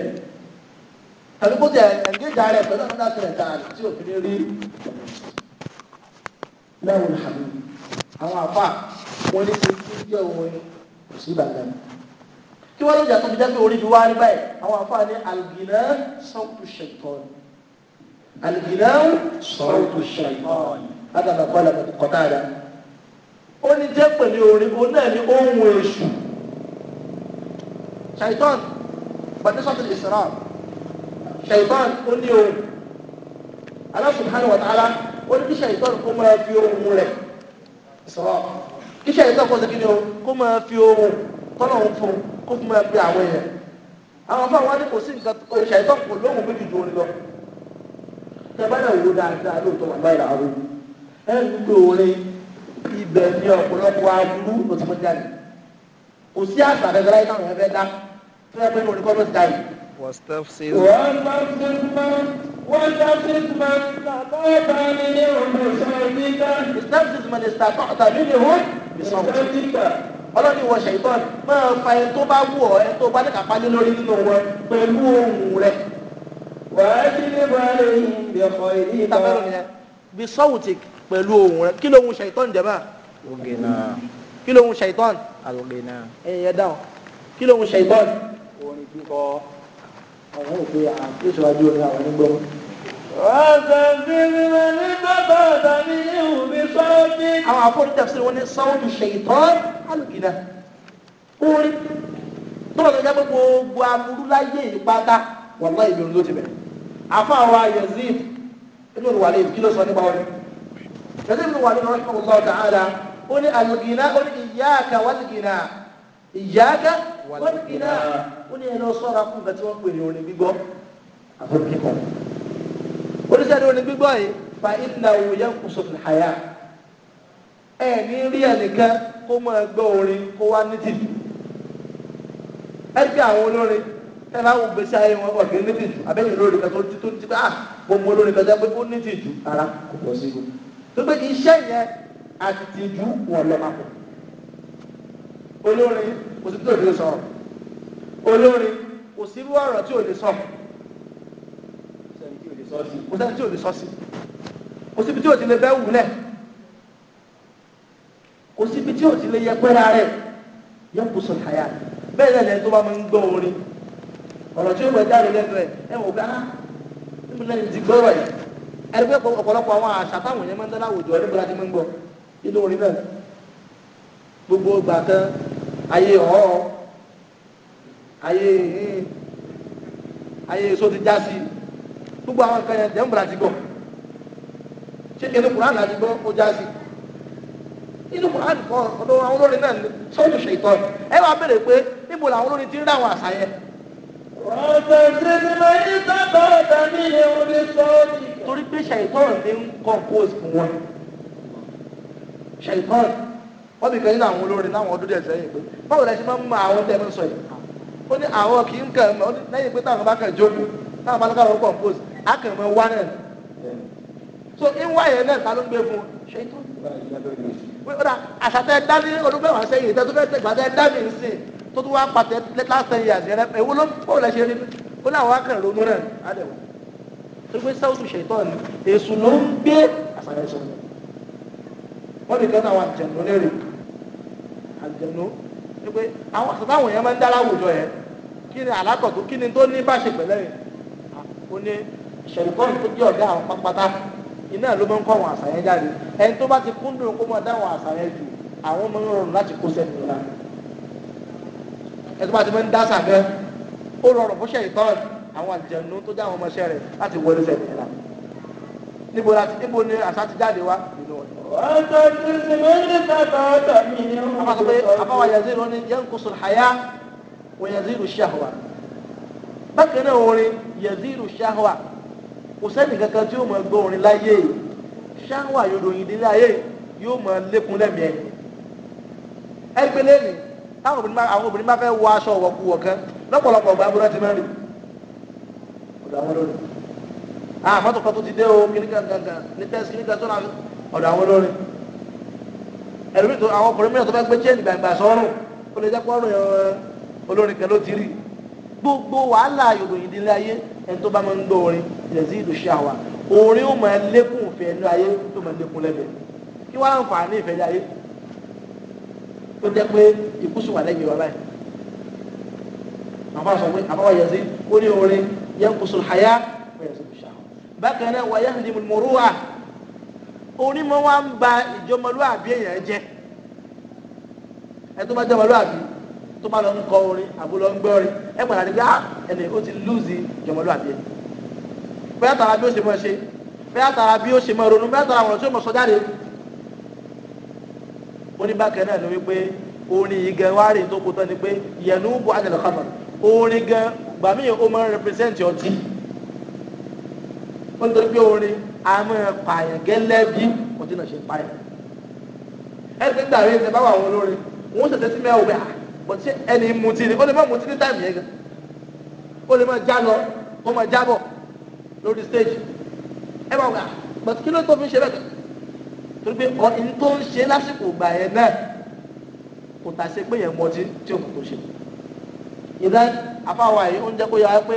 tàbí kó tẹ ẹ̀ńgéjà láwọn ìhàmì àwọn àfà wọn ní kí jẹ́ òun kò sí ìbàdàn kí wọ́n lè jà tó fi jẹ́ pé orí mi wá rí báyìí àwọn àfà ní àlùbìnà sọ́ọ̀tù ṣẹ̀tọ́ni àlùbìnà sọ́ọ̀tù ṣẹ̀tọ́ni látàbà kọ́ àlàbà kọ́tà rẹ̀ ó ní jẹ́ pẹ̀lú orin òun náà ní ohun èṣù ṣàìtọ́n bàtẹ́sọ̀tù ìsìnrán ṣàìtọ́n ó ní ohun Allah subhanahu wa ta'ala ó ní kíṣà ìtọ́nù kó máa fi ohun rẹ̀ sọ̀rọ̀ kíṣà ìtọ́nù kó sẹ́kí ni o kó máa fi ohun tọ́nà òun fún kó fún máa fi àwọn èèyàn àwọn ọmọ àwọn ní kò sí nǹkan kíṣà ìtọ́nù kò lóhùn méjì ju orin lọ tẹ bá náà wo dáadáa lóòótọ́ wà báyìí làwọn orin ẹ ń lo orin ibẹ̀ ní ọ̀pọ̀lọpọ̀ aburú ló ti mọ́ jáde kò sí àṣà gẹ́gẹ́ láyé táwọn ẹ̀fẹ́ dá tó yẹ pé orin kọ́ ló ti jáde واستفسد واستفسد من استطعت منهم بصوتك استفسد من استطعت منهم بصوتك ọlọ́ni wọ ṣèyítọ́n máa fa ẹni tó bá wù ọ́ ẹni tó bá níka pálí lórí nínú wọn pẹ̀lú ohùn rẹ̀. wàá kí ni bàálẹ̀ yìí bí ọkọ̀ ìdí ìta. bí sọ́wùtì pẹ̀lú ohùn rẹ̀ kí lóhùn ṣèyítọ́n jẹ́ bá. oge náà. kí lóhùn ṣèyítọ́n. alùpùpù náà. ẹ̀yẹ dáhùn kí lóhùn ṣèyítọ́n. orin kíkọ àwọn òpè àtúnṣíwájú ní àwọn onígbọ́n. Àwọn afọ́nìtẹ̀ sí wọn ní sáwọ́dù ṣèyítọ́ alùpìnà. Orin tọ́lọ̀ tó jẹ́ pé gbogbo amúrú láyé ìpátá wàlá ìbìrún ló ti bẹ̀rẹ̀. Àfọ́ àwọn Yazid inú ìwàlẹ̀ ìbí kí ló sọ nípa wọn. Yazid inú ìwàlẹ̀ ìrọ̀lẹ́ ìfọwọ́sọ̀ ọ̀tà ara ó ní alùpìnà ó ní ìyá àkàwálùpìnà ìyáàgá wọ́n ti náà ó ní ẹ̀rọ sọ́ra fún nǹkan tí wọ́n pè ní orin gbígbọ́ àforí kíkọ́ oníṣẹ́ni orin gbígbọ́ yìí fa ìlà òòyà kù sọ̀tún àyà ẹ̀ ní rí ẹnìkan kó máa gbọ́ orin kó wá ní tìjú ẹ gbé àwọn olórin ẹ bá wo gbèsè ayé wọn wọ̀ kí ní tìjú abẹ́yìn olórin kan tó ti tó ti pé à ah, gbogbo olórin kan tó pé ó ní tìjú ara kò pọ̀ sí i tó pé iṣẹ́ yẹn àti tìjú wọ̀ lọ́ papọ̀ olórin kò sí tó lè sọ olórin kò sí irú ọ̀rọ̀ tí ò lè sọ kò sẹ́ni tí ò lè sọ sí kò síbi tí ò ti lè bẹ́ wúlẹ̀ kò síbi tí ò ti lè yẹ pẹ́ra rẹ̀ yọ kó sọ àyà bẹ́ẹ̀ náà tó bá máa gbọ́ orin ọ̀rọ̀ tí ó wẹ̀ jáde lẹ́nu rẹ̀ ẹ̀ wò gbá ah, níbi lẹ́yìn ti gbọ́rọ̀ yìí ẹni ọ̀pọ̀lọpọ̀ àwọn àṣà táwọn èèyàn máa ń dáná àwùjọ níbo la ti máa ń gbọ́ inú orin náà gbogbo ìgbà kan ayé ọ̀họ́ ayé ayé èso ti já sí gbogbo àwọn nǹkan yẹn dẹ́mbùrà ti gbọ́ ṣé inú Kùránì àti gbọ́ ó já sí inú Kùránì kọ́ ọ̀dọ̀ àwọn olórin náà sọ́ọ̀tù ṣètò ẹ wàá béèrè pé níbo làwọn olórin ti ń rà àwọn àṣà yẹn. ọ̀sẹ̀ ìṣẹ́sílẹ̀ yìí sábà ọ̀dà mi yẹn ò ní sọ́ọ̀tì. torí pé ṣètò ní ń kọ́ kóòsì fún wọn ṣètò wọ́n bì kan nínú àwọn olórin láwọn ọdún díẹ̀ sẹ́yìn pé báwo la ṣe máa ń mọ àwọn tẹ́ ẹ sọ yìí ó ní àwọn kì í kàn mọ́ lẹ́yìn pé táwọn bá kàn jókòó táwọn bá lọ́kàwọ́ compose á kàn mọ́ wá náà so ìwà yẹn náà ta ló ń gbé fún ṣe tó wíwọ́dà àṣàtẹ dání olùgbẹ́wà sẹ́yìn ìtẹ́ tó fẹ́ tẹ̀gbà tẹ́ dání sí tó tún wá pàtẹ last year àti ẹ̀rẹ́ ewu ló ń pọ̀ lẹ́sẹ̀ rí ó láwọn akẹ́rẹ́ ló múrẹ̀ adẹ̀wò tó gbé sáwùtù ṣètọ́ ni àjẹnú wípé àwọn àtàtà àwọn èèyàn máa ń dá láwùjọ yẹn kí ni àlákọ̀tù kí ni tó ní bá ṣe pẹ̀lẹ́ yẹn ó ní ṣẹ̀rìkọ́ọ̀nù tó jẹ́ ọ̀gá àwọn pápátá iná ló máa ń kọ́ àwọn àṣà yẹn jáde ẹni tó bá ti kúndùn kó máa dá àwọn àṣà yẹn jù àwọn ọmọ yóò rọrùn láti kó sẹ́nu ọ̀la ẹni tó bá ti máa ń dá sàbẹ́ ó rọrùn fún ṣẹ̀rìkọ́ọ̀nù àwọn àjẹnú tó jẹ́ àwọn ọmọọṣẹ́ rẹ̀ láti wọlé sẹ́nu ọ̀la níbo la ti níbo ni àṣà ti jáde wa. wọ́n tó ti sinmi ní sábà ọ̀dọ̀ mi ni wọ́n. a máa sọ pé àbáwá yazid ló ní yankusu haya wa yazidu shahwa bákan náà orin yazidu shahwa kò sẹ́ni kankan tí yóò máa gbọ́ orin láyé shahwa yorùbá ìdílé ayé yóò máa lékun lẹ́mìí ẹ̀ ẹgbẹ́ lẹ́nu táwọn obìnrin máa àwọn obìnrin máa fẹ́ wọ aṣọ ọ̀wọ́kuwọ̀ kan lọ́pọ̀lọpọ̀ ọgbà abúlé ti máa rìn ọ̀dọ̀ àwọn olórí ah mọ́tò kan tó ti dé o kíní kankan ní tẹ́sí kíní kan tó náà ọ̀dọ̀ àwọn olórin ẹlòmíì tó àwọn ọkùnrin mìíràn tó bá gbé chain gbàgbà sọ́rùn ó lè jẹ́ pé ọ̀rùn eh, olórin kan ló ti rí gbogbo wàhálà ìròyìn ìdílé ayé ẹni tó bá máa ń gbọ́ orin yẹ̀sí ìlú ṣàwà orin ó máa lékún ìfẹ́ inú ayé tó máa lékún lẹ́bẹ̀ẹ́ kí wọ́n á ń fàánì ìfẹ́ ayé tó jẹ́ pé ikú wà lẹ́yìn wa báyìí àbá sọ pé àbá yẹ̀sí ó ní orin yẹn kùsùn àyà ó yẹ̀sí bákan náà wàyà limumuruwa onímọ̀ wa ń ba ìjọmọlúwàbí èèyàn jẹ́ ẹ tó bá jọmọlúwàbí tó bá lọ ń kọ orin àbó lọ ń gbọ́ orin ẹ padà nígbà ah, ẹni ó ti lùzì ìjọmọlúwàbí ẹ bẹ́ẹ̀ tara bí ó ṣe mọ̀ ṣe bẹ́ẹ̀ tara bí ó ṣe mọ̀ ronú bẹ́ẹ̀ tara ọ̀rọ̀ tí ó mọ̀ sọ jáde oníbàkẹ́ náà ló wípé orin yìí gan wá rèé tó kó tán ni pé yẹnu bu àjẹlẹ̀ kọ́mọ̀ orin gan gbàmíyàn ó máa ń represent ọtí wọ́n nítorí pé orin a máa pààyàn gẹ́lẹ́ bí ọdún náà ṣe ń pààyàn ẹgbẹ́ gbà rẹ̀ ṣe bá wà wọn lórí wọn ṣẹ̀ṣẹ̀ sí mẹ́wàá wẹ̀ ah, bọ̀ ṣé ẹni mutí ni ó lè má mutí ní táìmù yẹn gan ó lè má já lọ ó má já bọ̀ lórí stage ẹ máa wẹ̀ bọ̀ kí ló tó fi ṣe bẹ́ẹ̀ torí pé ọ̀hún tó ń ṣe lásìkò gbà yẹn náà kò tà ṣe pé yẹn mọtí tí òun tó ṣe ìdá afáwa yìí ó ń jẹ́ kó yára pé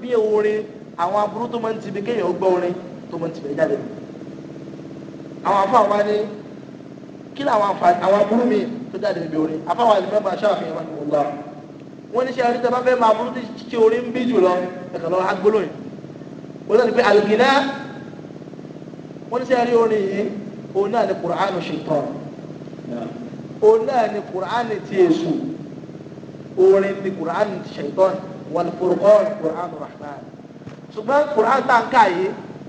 bí orin àwọn aburú tó máa ń tibi kéèyàn ó gbọ́ orin tó máa ń tibẹ̀ jáde àwọn afọ àwọn ni kí ni àwọn àǹfààní àwọn aburú mi tó jáde níbi orin afọ àwọn àlùmọ́ bá ṣàfihàn wọn ni wọ́n gbà wọ́n ní ṣe àrídà bá fẹ́ máa burú tí orin ń bí jùlọ ẹ̀kọ́ lọ́wọ́ agbólóyìn wọ́n sọ pé àlùkìlá wọ́n ní ṣe àrí orin yìí òun náà ni kùránù ṣaitan òun náà ni kùránù ti ṣùgbọ́n Quran tá ń kà yìí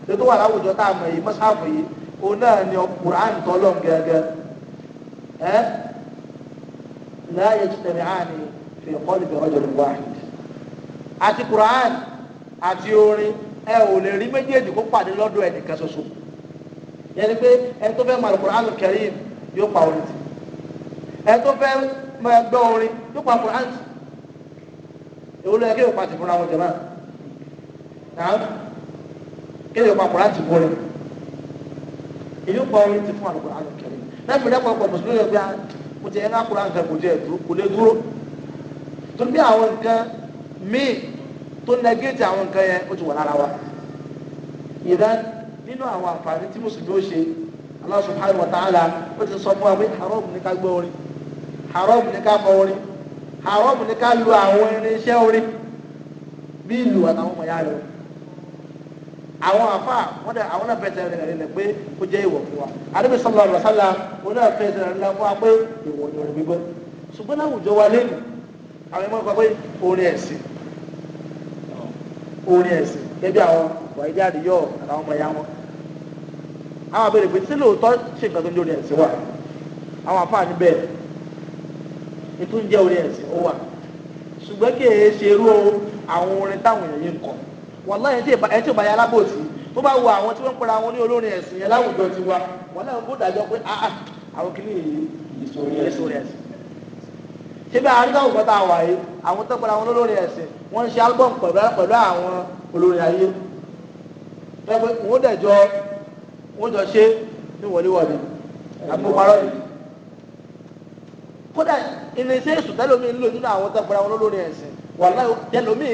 tó tó wà láwùjọ tá a mọ̀ yìí mọ́sáàfù yìí òun náà ni kùrán tọ́lọ̀ gẹ́gẹ́ ẹ́ láàyè tẹ̀lé àní fi kọ́lì bẹ̀rẹ̀ ọjọ́ ìwà àti kùrán àti orin ẹ ò lè rí méjèèjì kó pàdé lọ́dọ̀ ẹnìkan ṣoṣo yẹn ni pé ẹni tó fẹ́ mọ kùrán kẹrin yóò pa orin tì ẹni tó fẹ́ mọ ẹgbẹ́ orin yóò pa kùrán tì èwo ló yẹ kí pa tì wọn jẹ náà náà kéde ọ̀pọ̀ àkùrá ti wọlé èyí ń pa orin ti fún àlùkùrá àlù kẹrẹ lẹ́yìn ìpínlẹ̀ pọ̀pọ̀ mùsùlùmí yóò gbé kò tẹ̀ ẹ́ lákùrá nǹkan kò jẹ́ ẹ̀dúró kò lè dúró tó ní bí àwọn nǹkan míì tó nẹgẹ́tì àwọn nǹkan yẹn ó ti wà lára wa ìdá nínú àwọn àǹfààní tí mùsùlùmí ó ṣe Allah subhanahu wa ta'ala ó ti sọ fún wa pé haram ní ká gbọ́ orin haram ní ká kọ orin haram ní ká lu àwọn irinṣẹ́ orin bí ìlú àtàwọn ọmọ yára àwọn afa wọn dẹ àwọn náà fẹsẹ̀ rẹ̀ rẹ̀ pé ó jẹ́ ìwọ̀ fún wa àdébí sọlá ọ̀rọ̀ sálà wọn náà fẹsẹ̀ rẹ̀ rẹ̀ fún wa pé ìwọ̀ ni orin gbígbọ́ ṣùgbọ́n láwùjọ wa lẹ́nu àwọn ẹ̀mọ́ ìfọ̀ pé orin ẹ̀sìn orin ẹ̀sìn gẹ́gẹ́ bí àwọn wàhídí àdìyọ àtàwọn ọmọ ya wọn àwọn abẹ́rẹ́ pé sí lóòótọ́ ṣe nǹkan tó ń jẹ́ orin ẹ̀sìn wa àwọn afa ni ètò ń jẹ́ orin ẹ̀sìn ó wà ṣùgbọ́n kì í ṣe irú àwọn orin táwọn èèyàn yìí ń kọ́ wàláhì ẹni tí ò bá yẹ alábòsí tó bá wo àwọn tí wọ́n ń pera wọn ní olórin ẹ̀sìn yẹn láwùjọ ti wa wàláhì ẹni kó pé ah ah àwọn kìíní èso rẹ̀ ẹ̀sìn. ṣé bí àárín táwọn kan tá a wà yìí àwọn tó pera wọn ní olórin ẹ̀sìn wọ́n ń ṣe álbọ̀mù pẹ̀lú àwọn olórin ayé pẹ̀lú wọ́n dẹ̀jọ́ wọ́n jọ ṣe ní wọléwọlé àpòparọ́ yìí kódà irinṣẹ́ èsù tẹ́lómi ń lò nínú àwọn tó pera wọn olórin ẹ̀sìn wàláhì tẹ́lómi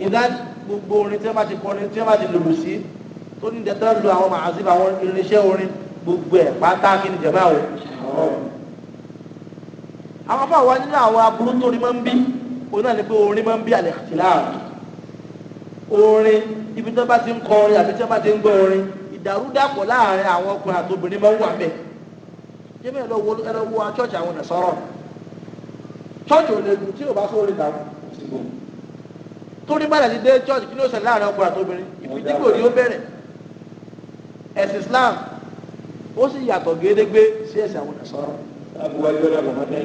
ìdá gbogbo orin tí wọ́n bá ti kọrin tí wọ́n bá ti lòlù sí tó ní dẹ́tọ́ lu àwọn màásìbà àwọn irinṣẹ́ orin gbogbo ẹ̀ pátá kí ni jẹ̀mẹ́ o. àwọn afọ àwọn nínú àwọn aburú tó orin máa ń bí òun náà ni pé orin máa ń bí àlẹ́ àti láàrú orin ibi tí wọ́n bá ti ń kọ orin àbí tí wọ́n bá ti ń gbọ́ orin ìdàrúdàpọ̀ láàrin àwọn ọkùnrin àti obìnrin máa ń wà bẹ́ẹ̀ jẹ́mi ẹ̀rọ ẹ̀rọ wo church àwọn ọ̀nà sọ̀rọ̀ torí bàdà ti dé church kí ni ó ṣẹlẹ̀ láàrin ọkùnrin àtobìnrin ìfìdígbò ni ó bẹ̀rẹ̀ ẹ̀sìn Islam ó sì yàtọ̀ gédégbé sí ẹ̀sìn àwọn ẹ̀sọ́rọ̀.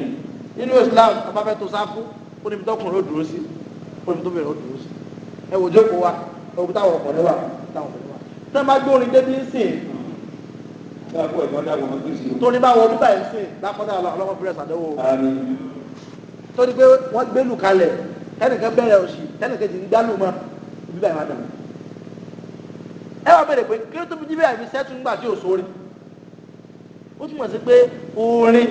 nínú Islam ọba fẹ́ tó sáfù ó níbi tọkùnrin ó dúró sí ó níbi tó bẹ̀rẹ̀ ó dúró sí ẹ wò jókòó wa ẹ wò táwọn ọkùnrin wà táwọn ọkùnrin wà tẹ́ ẹ bá gbé orin débi ń sìn torí bá wọlé báyìí ń sìn lápọ́tà ọlọ́kọ̀ fúrẹ́sì àdéhùn torí pé wọ́n gbẹ́lù kalẹ̀ ẹnìkan bẹ̀rẹ̀ òsì tẹ́lẹ̀ kejì ń gbálù mọ́ ibi báyìí wá dànù. ẹ wá bẹ̀rẹ̀ pé kí ló tó fi jí bẹ́ẹ̀ mi sẹ́tù ńgbà tí ò sórí ó túmọ̀ sí pé orin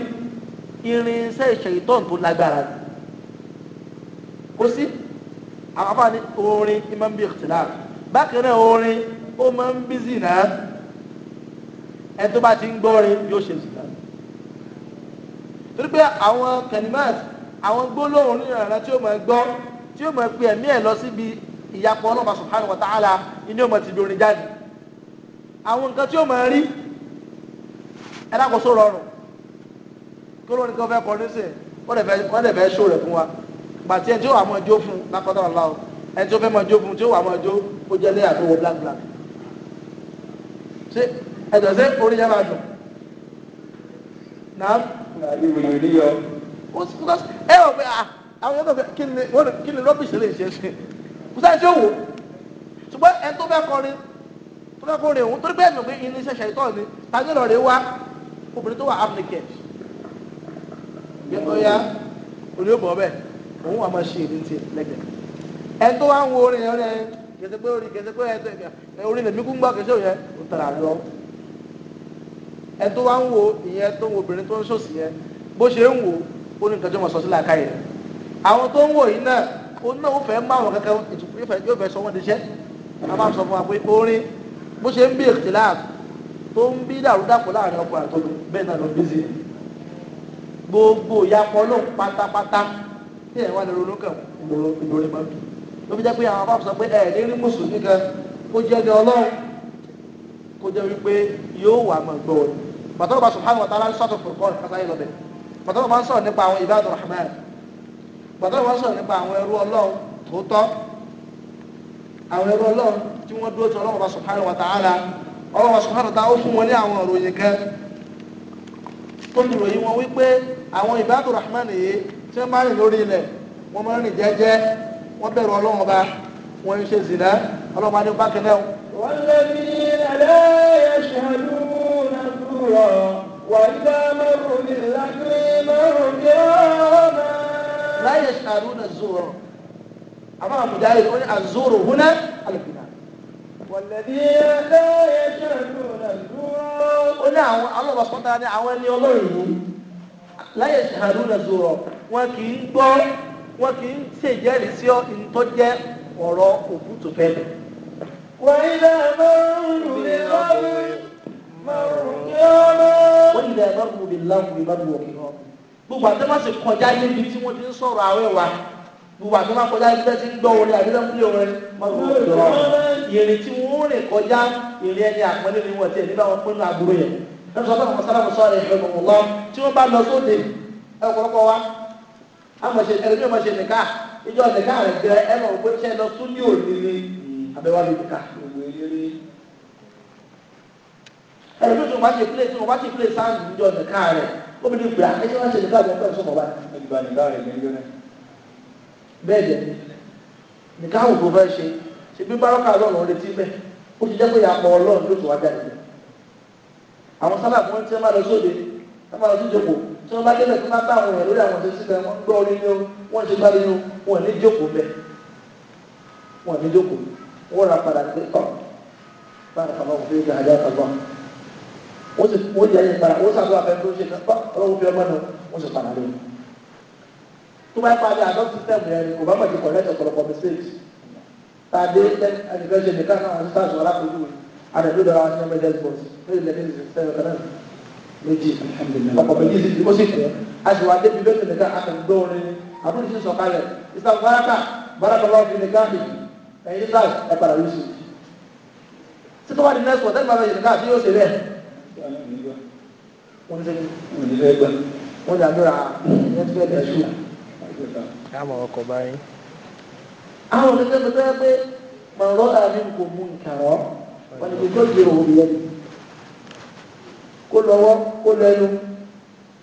irinṣẹ́ ìṣèyítọ́n tó lágbára ni kò sí àwọn afáàní orin ìmọ̀ ń bí ìtìláà bákan náà orin ó máa ń bí zìnà ẹ tó bá ti ń gbọ́rin yóò ṣe zìnà torí pé àwọn kẹ̀nìmáàsì àwọn gbólóhùn nínú ìrànlá tí ó máa gbọ́ tí yóò mọ̀ pé ẹ̀mí ẹ̀ lọ síbi ìyapọ̀ ọlọ́pàá subhanahu wa ta'ala ni yóò mọ̀ ti dorin jáde àwọn nǹkan tí yóò mọ̀ rí ẹ̀dàkóso rọrùn kí ló ní kí wọ́n fẹ́ kọ nísìn wọ́n dẹ̀ fẹ́ ṣó rẹ̀ fún wa gbàtí ẹni tí ó wà mọ́ ẹjọ́ fún lákọ́tà ọ̀la o ẹni tí ó fẹ́ mọ́ ẹjọ́ fún tí ó wà mọ́ ẹjọ́ ó jẹ́ lẹ́yà tó wọ black black ṣé ẹ̀jọ̀ ṣe orí yẹn máa dùn náà. ẹ ò pé ah àwọn yóò tọ̀sẹ̀ kí ni wọ́n kí ni rọ́bìṣì lè ṣe ṣe kò sáà ṣe wò ṣùgbọ́n ẹni tó fẹ́ kọrin tó fẹ́ kọrin òun torí pé ẹ̀mí pé irin ṣẹ̀ṣẹ̀ ìtọ́ ni tani lọ rè wá obìnrin tó wà applicant bí ó yá orí ó bọ̀ bẹ́ẹ̀ òun wà máa ṣe èdè ti lẹ́gbẹ̀ẹ́ ẹni tó wá ń wo orin yẹn rẹ̀ kẹsẹ̀ pé orin kẹsẹ̀ pé orin lèmi kú ń gbọ́ kẹsẹ̀ òun yẹn ó tara lọ ẹni tó wá ń wo ìyẹn tó ń wo obìnrin tó ń ṣòṣì yẹn bó ṣe ń wo ó ní nǹkan tó mọ̀ sọ sí làákàyè rẹ̀ àwọn tó ń wò yìí náà òun náà ó fẹ́ mú àwọn kankan yóò fẹ́ sọ wọn níṣẹ́ a máa sọ fún wa pé orin bó ṣe ń bí ìtìláàf tó ń bí dàrúdàpọ̀ láàrin ọkùnrin àti obìnrin bẹ́ẹ̀ náà ló ń bí sí gbogbo ìyapọ̀ lóhùn pátápátá tí ẹ̀ wá lè ronú kàn ìdòrè máa ń bì ló fi jẹ́ pé àwọn afáàfù sọ pé ẹ̀ lérí mùsùlùmí kan kó jẹ́ ní ọlọ́run kó jẹ́ wípé yóò wà mọ̀ gbọ́ ọ bàtọ́ bá subhanahu wa ta'ala sọ́tò kọ̀ọ̀kan kásáyé lọ́bẹ̀ bàtọ́ bá rahman gbàtọ́ wọn sọ̀rọ̀ nípa àwọn ẹrú ọlọ́run tòótọ́ àwọn ẹrú ọlọ́run tí wọ́n dúró tí ọlọ́run bá subhanahu wa ta'ala ọlọ́run bá subhanahu wa ta'ala ó fún wọn ní àwọn ìròyìn kan tó ń ròyìn wọn wípé àwọn ibadur rahman yìí tí wọ́n máa rìn lórí ilẹ̀ wọ́n máa rìn jẹ́jẹ́ wọ́n bẹ̀rù ọlọ́run ọba wọ́n ń ṣe zìnà ọlọ́run bá ní bákan náà. wọ́n lé ní ẹ̀rẹ́ ẹ̀ṣẹ̀ láyé ṣàrúnà zòrò àmọ́ àmùdáyé ó ní àzòrò húnà àlùbìnà. wọ̀lẹ́dí láyé ṣàrúnà zòrò. ó ní àwọn alọ́ba sọ́tà ní àwọn ẹni ọlọ́run láyé ṣàrúnà zòrò wọn kì í gbọ́ wọn kì í ṣèjẹ́rìí sí ìtọ́jẹ́ ọ̀rọ̀ òbútù fẹ́lẹ̀. wọ́n ilé márùn-ún lè lọ́rùn márùn-ún kí wọ́n lọ. wọ́n ilé márùn-ún lè lọ́rùn márùn-ún kí wọ́n lọ gbogbo àti má sì kọjá níbi tí wọ́n ti ń sọ̀rọ̀ àwẹ̀ wa gbogbo àti má kọjá níbi tí ń gbọ́ orin àbí lẹ́kúnlé orin mọ́tò lọ́wọ́ ìrìn tí wọ́n rìn kọjá ìrìn ẹni àpọ́nlé ni wọ́n ti ẹ̀ nígbà wọn pín ní àbúrò yẹn lẹ́nu sọ fún sáràmù sọ́ọ̀rẹ́ ìfẹ́ lọ tí wọ́n bá lọ sóde ẹ̀kọ́kọ́ wa ẹlẹ́mí ọmọ ṣe nìka ìjọ nìka rẹ̀ gẹ ẹ lọ pé ṣe lọ sún ní òní abẹ́wá lè nìka. ẹlẹ́mí tó wá ṣe pílẹ̀ tó wá ṣe pílẹ̀ sáà ìjọ rẹ̀ obìnrin pè á ẹjọ́ wá ṣe lè báyìí ọpẹ́ ìṣọ́mọ̀ báyìí ìgbà nìkan rẹ̀ ní yóná bẹ́ẹ̀ jẹ́ nìkan òkú fẹ́ ṣe ṣe bí bárọ́kà ọlọ́run retí bẹ́ẹ̀ ó ti jẹ́ pé àpọ̀ ọlọ́run ló ti wá jáde bẹ́ẹ̀ àwọn sábàbí wọn ti máa lọ sóde wọn máa lọ sí ìjókòó tí wọn bá débẹ̀ tí wọn bá bá àwọn èèyàn lórí àwọn tó síbẹ̀ wọn gbọ́ orí ni wọn ti gbárí ni wọn ní jókòó bẹ́ẹ̀ wọn ní jókòó wọn rà padà pé ọ bá a kà máa wọ ó sì ó yẹ ẹyìn padà ó sàdúrà fẹ́ tó ṣe náà ọlọ́wọ́ fi obama ti correct ọ̀pọ̀lọpọ̀ mistake tàdé ẹnìfẹ́ṣẹ̀ nìkan náà àti sáàsì wọn alákojú rẹ̀ àdàdó dọ̀rọ̀ àti ọmọdé ẹ̀sìn bọ́ọ̀sì ní ilẹ̀ ní ìsìn sẹ́yìn kan náà méjì ọkọ̀ méjì sì ó sì kẹ́ àti wà débi lóṣù nìkan àtẹ̀gbẹ́ orin àbúrò sì sọ̀kalẹ̀ islam baraka baraka lọ́wọ́ fi nìkan ẹ̀yìn sáà ẹ̀ padà lóṣù títí wà ní next wọ́n ti fẹ́ gbà wọ́n ti àdúrà wọ́n ti fẹ́ lẹ́ sùn. káàmù ọkọ̀ báyìí. àwọn ọ̀dọ́dọ́ tó tẹ́ pé màrọ́ àmì kò mú nkàrọ́ wọ́n ti fi tó di òun yẹn kó lọ́wọ́ kó lọ ẹnu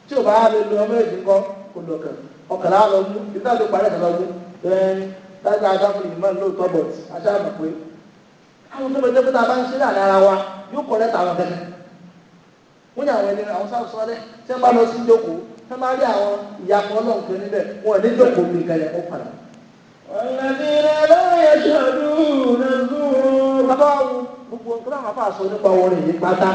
tí o bá yà lè lo ọmọ èjì kọ́ kó lọ kàn ọkàn á lọ mú títà ló parí ẹ̀ka lọ mú bẹ́ẹ̀ táyà adáfún ìmọ̀ lóòótọ́ bọ̀ aṣáájú pé àwọn tó bẹ tẹ́ pé tá a bá ń ṣe láàrin ara wa yóò kọ́ lẹ́tà àwọn kẹ́kẹ́ wọ́n ní àwọn ẹni àwọn sáfùsọ́lẹ̀ tí wọ́n bá lọ sí ìjókòó tí wọ́n bá rí àwọn ìyàpọ̀ ọlọ́run tó níbẹ̀ wọn ní ìjókòó mi gẹ̀rẹ̀ ó padà. ọ̀làdínlẹ̀ lọ́yẹ̀ ṣàdúrà lọ́wọ́. bàbá wo gbogbo nǹkan àwọn afá sọ nípa orin yìí pátá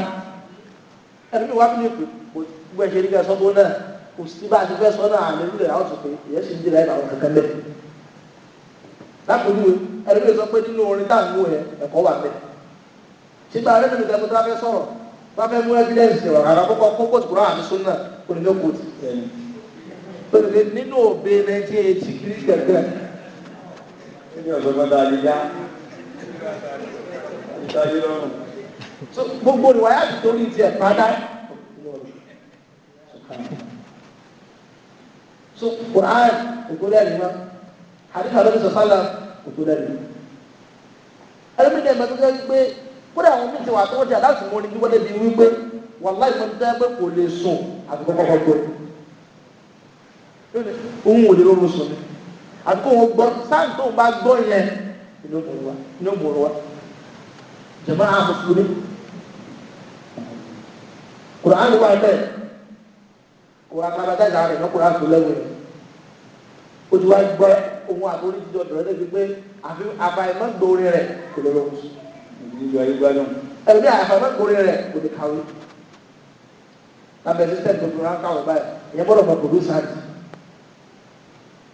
ẹni wàá fi lè pè gbogbo ẹ̀ṣẹ̀ nígbà sọ́gbó náà kò sí bá a ti fẹ́ sọ náà àmì ìlú ìyàwó tó pé ìyẹn sì ń dìrà ìbà àwọn kankan bẹ́ẹ̀. lápòjúwe ẹni bá fẹ́ mú evidence ọ̀rọ̀ àrà kọ́kọ́ kó kóòtù kúrò àmì súnà kò ní ló kóòtù pẹ̀lú nínú òbí nineteen eighty kiri kẹ̀kẹ́ ní ọ̀sọ̀gbọ́dá àdìyá ìtàgé lọ́rùn. gbogbo ìwà yàtọ̀ tó ní tiẹ̀ padà. so Quran kòkó dẹ́rì mọ́ àdìsá lórí sọ̀sálà kòkó dẹ́rì mọ́. ẹlẹ́mìnira ìgbà tó kẹ́ pé kódà àwọn méjì wà tó wọ́jà láti mọ onídìí wọlé bi wípé wàláì mọ tẹ́ pé kò lè sùn àti kọ́kọ́ gbọ́ òun ò lè lóorun sùn ni àti kó òun gbọ́ sáà tó bá gbọ́ yẹn inú òmùrù wa inú òmùrù wa jẹ̀mọ́ àwọn fúnni kuran wà bẹ́ẹ̀ kuran kábàtà ìdáhùn rẹ̀ ní kuran tó lẹ́wọ̀ yẹn o ti gbọ́ ohun àbórí jíjọ dọ̀rọ̀ lẹ́bi pé àfi àbáyé mọ́ gbòòrè rẹ̀ kò lè lóorun sùn ìjọ ayé gbádùn. ẹlòmíì àfàfẹ́ kórè rẹ̀ kò ní kàwé abẹ́rẹ́ sísẹ́ gbogbo náà káwé báyìí ìyẹn gbọ́dọ̀ mọ̀ kòdó sáà jù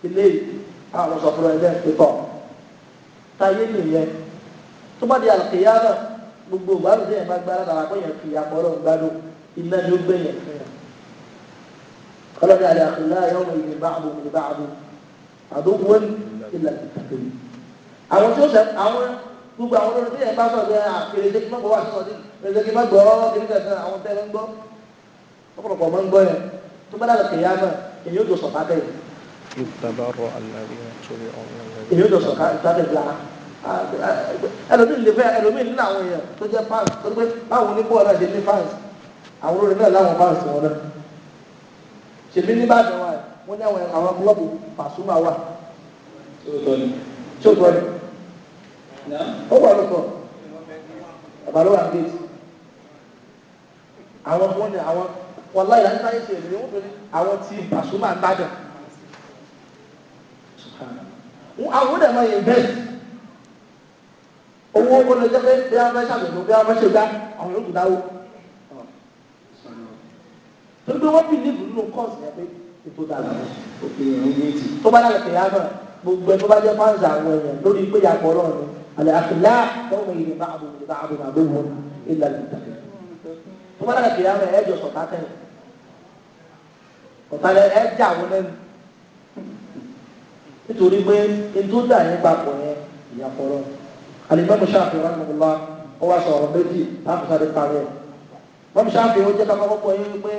ilé àwọn ọ̀sọ̀fúnra ẹgbẹ́ pípọ̀ táyé nìyẹn tó bá di àlùkìyà náà gbogbo ìgbàlù tí yẹn bá gbára dára pé yẹn fi àpọ̀ ọlọ́run gbádùn iná ni ó gbé yẹn fún yẹn ọlọ́dẹ àlẹ́ àkùnlá yóò mọ ìdìbò àbò ìdìbò àwọn tí ó sẹ àwọn gbogbo àwọn olórin tí yẹn bá sọ̀rọ̀ bẹ́ẹ̀ àkèrèdé kí mọ̀gbọ́ wà sí ọdún kèrèdé kí mọ̀gbọ́ kèrè kankan àwọn tẹ́ ń gbọ́ ọ̀pọ̀lọpọ̀ ọmọ ń gbọ́ yẹn tó bá dàgbà kèyà náà èyí ó jọ sọ̀tà bẹ́ẹ̀. ìtàbárọ̀ aláàbí nítorí ọmọ ẹlẹ́dẹ̀. èyí ó jọ sọ̀tà ìtàbẹ̀ bla ẹlòmíì lè fẹ́ ẹlòmíì nínú àwọn èèyàn tó jẹ́ fans tó pé báwọn onípò ọ̀nà ṣe ní fans àwọn ó wà lóko bàbá ló wà ní bíi àwọn tó ní àwọn wọlá ìlànà táyé ṣe èmi wọn tó ní àwọn tí àṣùmọ̀ àtàdà àwọn ọdẹ máa yẹn bẹ́ẹ̀ owó owó lọ jẹ́ pé bí wọ́n fẹ́ ṣàbẹ̀wò bí wọ́n fẹ́ ṣe gbá àwọn yóò tún dáwó tó gbé wọ́n bìlíìfù nínú kọ́ọ̀sì yẹn pé ètò dàgbà tó bá dàgbà kẹ̀yà náà gbogbo ẹ̀ tó bá jẹ́ fáńsì àwọn èèyàn lórí ìgbéyàwó ọlọ́run الأخلاق يومئذ بعضهم لبعض عدو إلا المتقين ثم أنا القيامة أجي صوتاتهم ọ̀tálẹ̀ ẹ jà wọn lẹ́nu nítorí pé ètò dà yín papọ̀ yẹn ìyàpọ̀rọ̀ alimami ṣáàfì rahmanullah ó wá sọ ọ̀rọ̀ méjì láfùsàdé parí ẹ̀ mami ṣáàfì ó jẹ́ ká kọ́kọ́ pọ̀ yín pé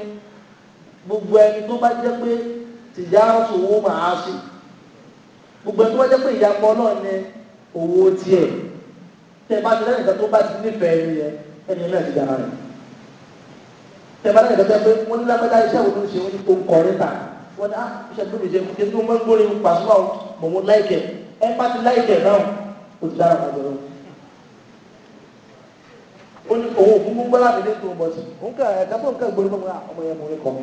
gbogbo ẹni tó bá jẹ́ pé tìjà ọ̀sùn owó màá sí gbogbo ẹni tó bá jẹ́ pé ìyàpọ̀ náà ni owó tiẹ̀ tẹ bá ti lẹ́yìn kan tó bá ti nífẹ̀ẹ́ ẹni yẹn ẹni náà ti dára rẹ̀ tẹ bá lẹ́yìn kan tó pé wọ́n ní lágbádá iṣẹ́ wo ló ń ṣe wọ́n ní kó ń kọ́ níta wọ́n ní ah iṣẹ́ tó lè ṣe kí ló máa ń gbóni pàṣípà mọ̀ wọ́n láìkẹ̀ ẹ bá ti láìkẹ̀ náà ó ti dára pàjọ́ lọ. ó ní òun òfin gbogbo láti dé tó ń bọ̀ sí òun kà ẹ̀ka tó ń kà gbóni fún ah, ọmọ yẹn mọ̀ ní kọ́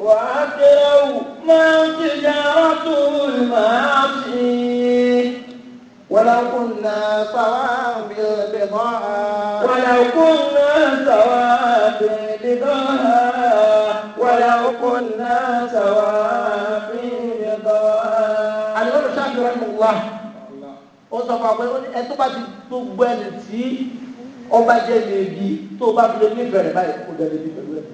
وأكره ما تجارة المعاصي ولو كنا سواء بالبضاعة ولو كنا سواء بالبضاعة ولو كنا سواء بالبضاعة الإمام الشافعي رحمه الله ó sọ fún àwọn ẹ tó bá ti gbogbo ẹni tí ọba jẹ lèbi tó o bá fi lè nífẹ̀ẹ́ rẹ̀ báyìí kó o jẹ lèbi pẹ̀lú ẹ̀.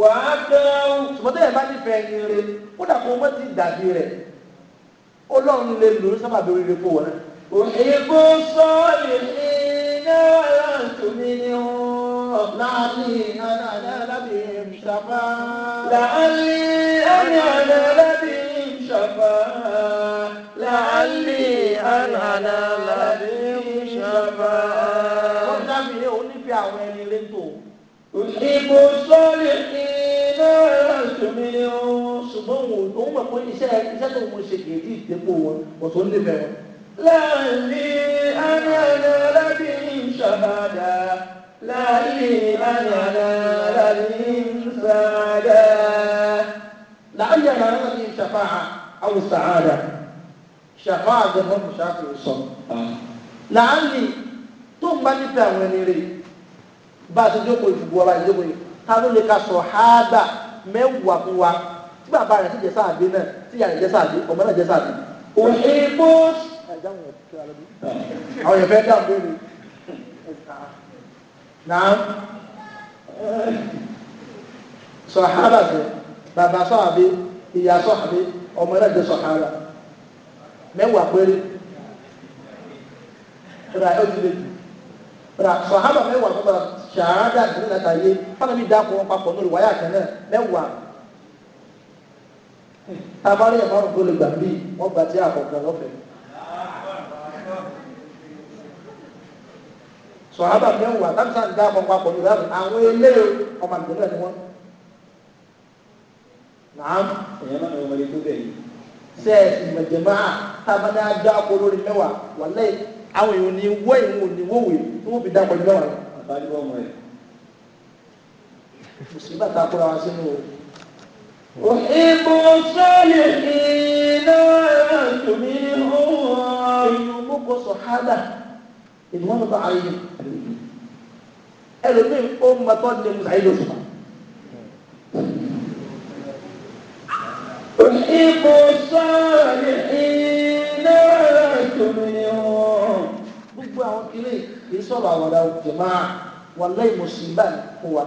wàá dẹ́rù. sọ̀tẹ́ ẹ̀ bá nífẹ̀ẹ́ ní rẹ̀ kódà kó o mọ̀ ti dàbí rẹ̀ ọlọ́run lè lò ó sábàbí oríire kó wọ̀ náà. أحب الصالحين ولست منهم لعلي أن أنال بهم شفاعة لعلي أن أنال بهم شفاعة لعلي أن أنال بهم شفاعة أحب الصالحين ولست منهم ṣùgbọ́n òun mọ̀ pé iṣẹ́ iṣẹ́ tó ń ṣe kì í di ìdẹ́pọ̀ wọn ọ̀tún nífẹ̀ẹ́ wọn. لعلي أن أنال بهم شهادة لعلي أن أنال بهم سعادة لعلي أن أنال بهم شفاعة أو سعادة شفاعة جمهور شافعي الصوم لعلي ثم بنفع ونيري bá a ti jókòó ìfúgbù ọba ìjókòó yìí ká ló lè ka sọ háàdà mẹ́wàá tí bàbá rẹ̀ sì jẹ́ sáàbí náà tí ìyá rẹ̀ sáàbí ọmọ náà jẹ́ sáàbí. òṣèbó ẹ̀dáhùn ẹ̀tọ́ alẹ́bí àwọn yẹn fẹ́ dáhùn béèrè náà sọ̀hárà jẹ bàbá sọ̀hábí ìyá sọ̀hábí ọmọ náà jẹ sọ̀hárà mẹ́wàá péré ra ojúlé jù ra sọ̀hábà mẹ́wàá fún bàbá ṣàhádà ìdílé náà yé fáwọn dákun wọn papọ̀ lórí wáyà kan náà mẹ́wàá tabarí sọ̀rọ̀ àbàmì ẹ̀wà láti sáà ń dá papọ̀ lórí àbàmì àwọn eléyò ọmọ àgbẹ̀dẹ̀ ni wọ́n. Nàám èèyàn náà ni wọ́n lè tó bẹ̀ yìí. Ṣé ìmọ̀jẹ̀mọ́ à tábàdá dá ọkọ̀ lórí mẹ́wàá wà lẹ́yìn àwọn èèyàn ní wọ́ ìwọ̀n ní wọ́wẹ̀ tí wọ́n fi dá ọkọ̀ lórí mẹ́wàá. Àbájọ́ ọmọ rẹ̀. Mùsùlùmí àtàkùrọ̀ wa sínú o. أحب الصالحين ẹ̀yin gbogbo sọ̀hádà ìdùnnú bá ayé ẹlòmíì ó ń bá tọ́ ní musa ayélujára sọ̀rọ̀. أحب الصالحين تؤمنون gbogbo àwọn kìlì kìí sọ̀rọ̀ àwọn ọ̀dà òkè máa wà lẹ́yìn mùsùlùmí kó wà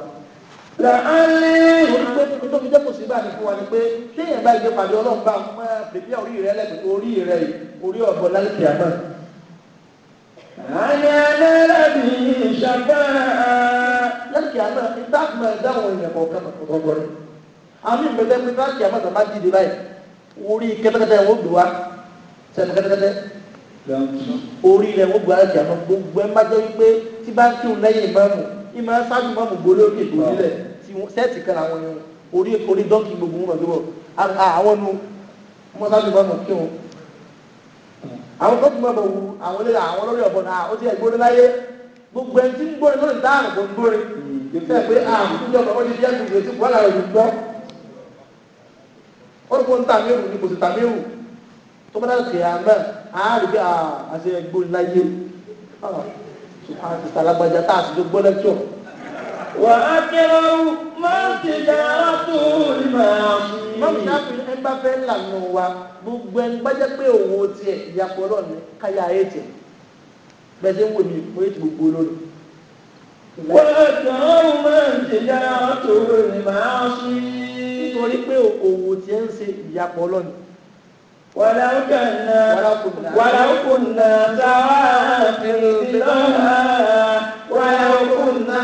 làálẹ́ olùgbé tó tóbi jẹ́ kò sí bá mi fún wa ni pé téèyàn bá ìdè pàdé ọlọ́run bá mọ́ pèpè orí rẹ lẹ́gbẹ̀ẹ́ orí rẹ orí ọ̀bọ lálùkì àmọ́. àyà náírà mi ṣàgbá lálùkì àmọ́ ìtàkùnmọ̀ ìdáhùn èèyàn kọ̀ọ̀kan kọ̀ọ̀kan rẹ̀ àmì ìgbẹ́tẹ́ pé lálùkì àmọ́ tó bá dìde báyìí orí kẹ́tẹ́kẹ́tẹ́ wọ́n gbé wa sẹ́nu kẹ́tẹ́kẹ́tẹ́ orí rẹ̀ wọ́n gbé wa lálùkì àmọ́ gbogbo ẹ ìmọ̀ ṣáájú máa mú gbólóòkè tó nílẹ̀ tí sẹ́ẹ̀tì kan àwọn yẹn orí orí dọ́kì gbogbo wọn gbogbo àwọn nu wọn ṣáájú máa mú kí wọn. àwọn tó ti máa bọ̀ wu àwọn lé àwọn lórí ọ̀bọ̀n náà ó ti ẹ̀ gbóni láyé gbogbo ẹni tí ń gbóni lórí dáhùn kò ń gbóni ìfẹ́ pé àrùn tó jẹ́ ọ̀pọ̀ ọdún díẹ̀ kò tí wọ́n lára òyìn gbọ́ orúkọ ń tàmí òrùn ní kò sì tàmí òrùn tó bá dáhùn kìí àmọ́ àárí bí àṣẹ ẹgbó láyé ìsàlágbájá tá a sì jọ gbọ́ lẹ́kítọ̀. wà á kẹ́rọ máa ń tẹ̀jà tó ní màá mú. mọ́mí náà fi ẹ bá fẹ́ lànà wa gbogbo ẹni bá jẹ́ pé òwò tiẹ̀ ìyàpọ̀ náà ní káyà ayé tiẹ̀ bẹ́ẹ̀ ṣe ń wò mí mo yé ti gbogbo lónìí. wà á kẹ́rọ máa ń tẹ̀jà tó ní màá mú. nítorí ولو كنا ولو كنا سواء في البضاعة ولو كنا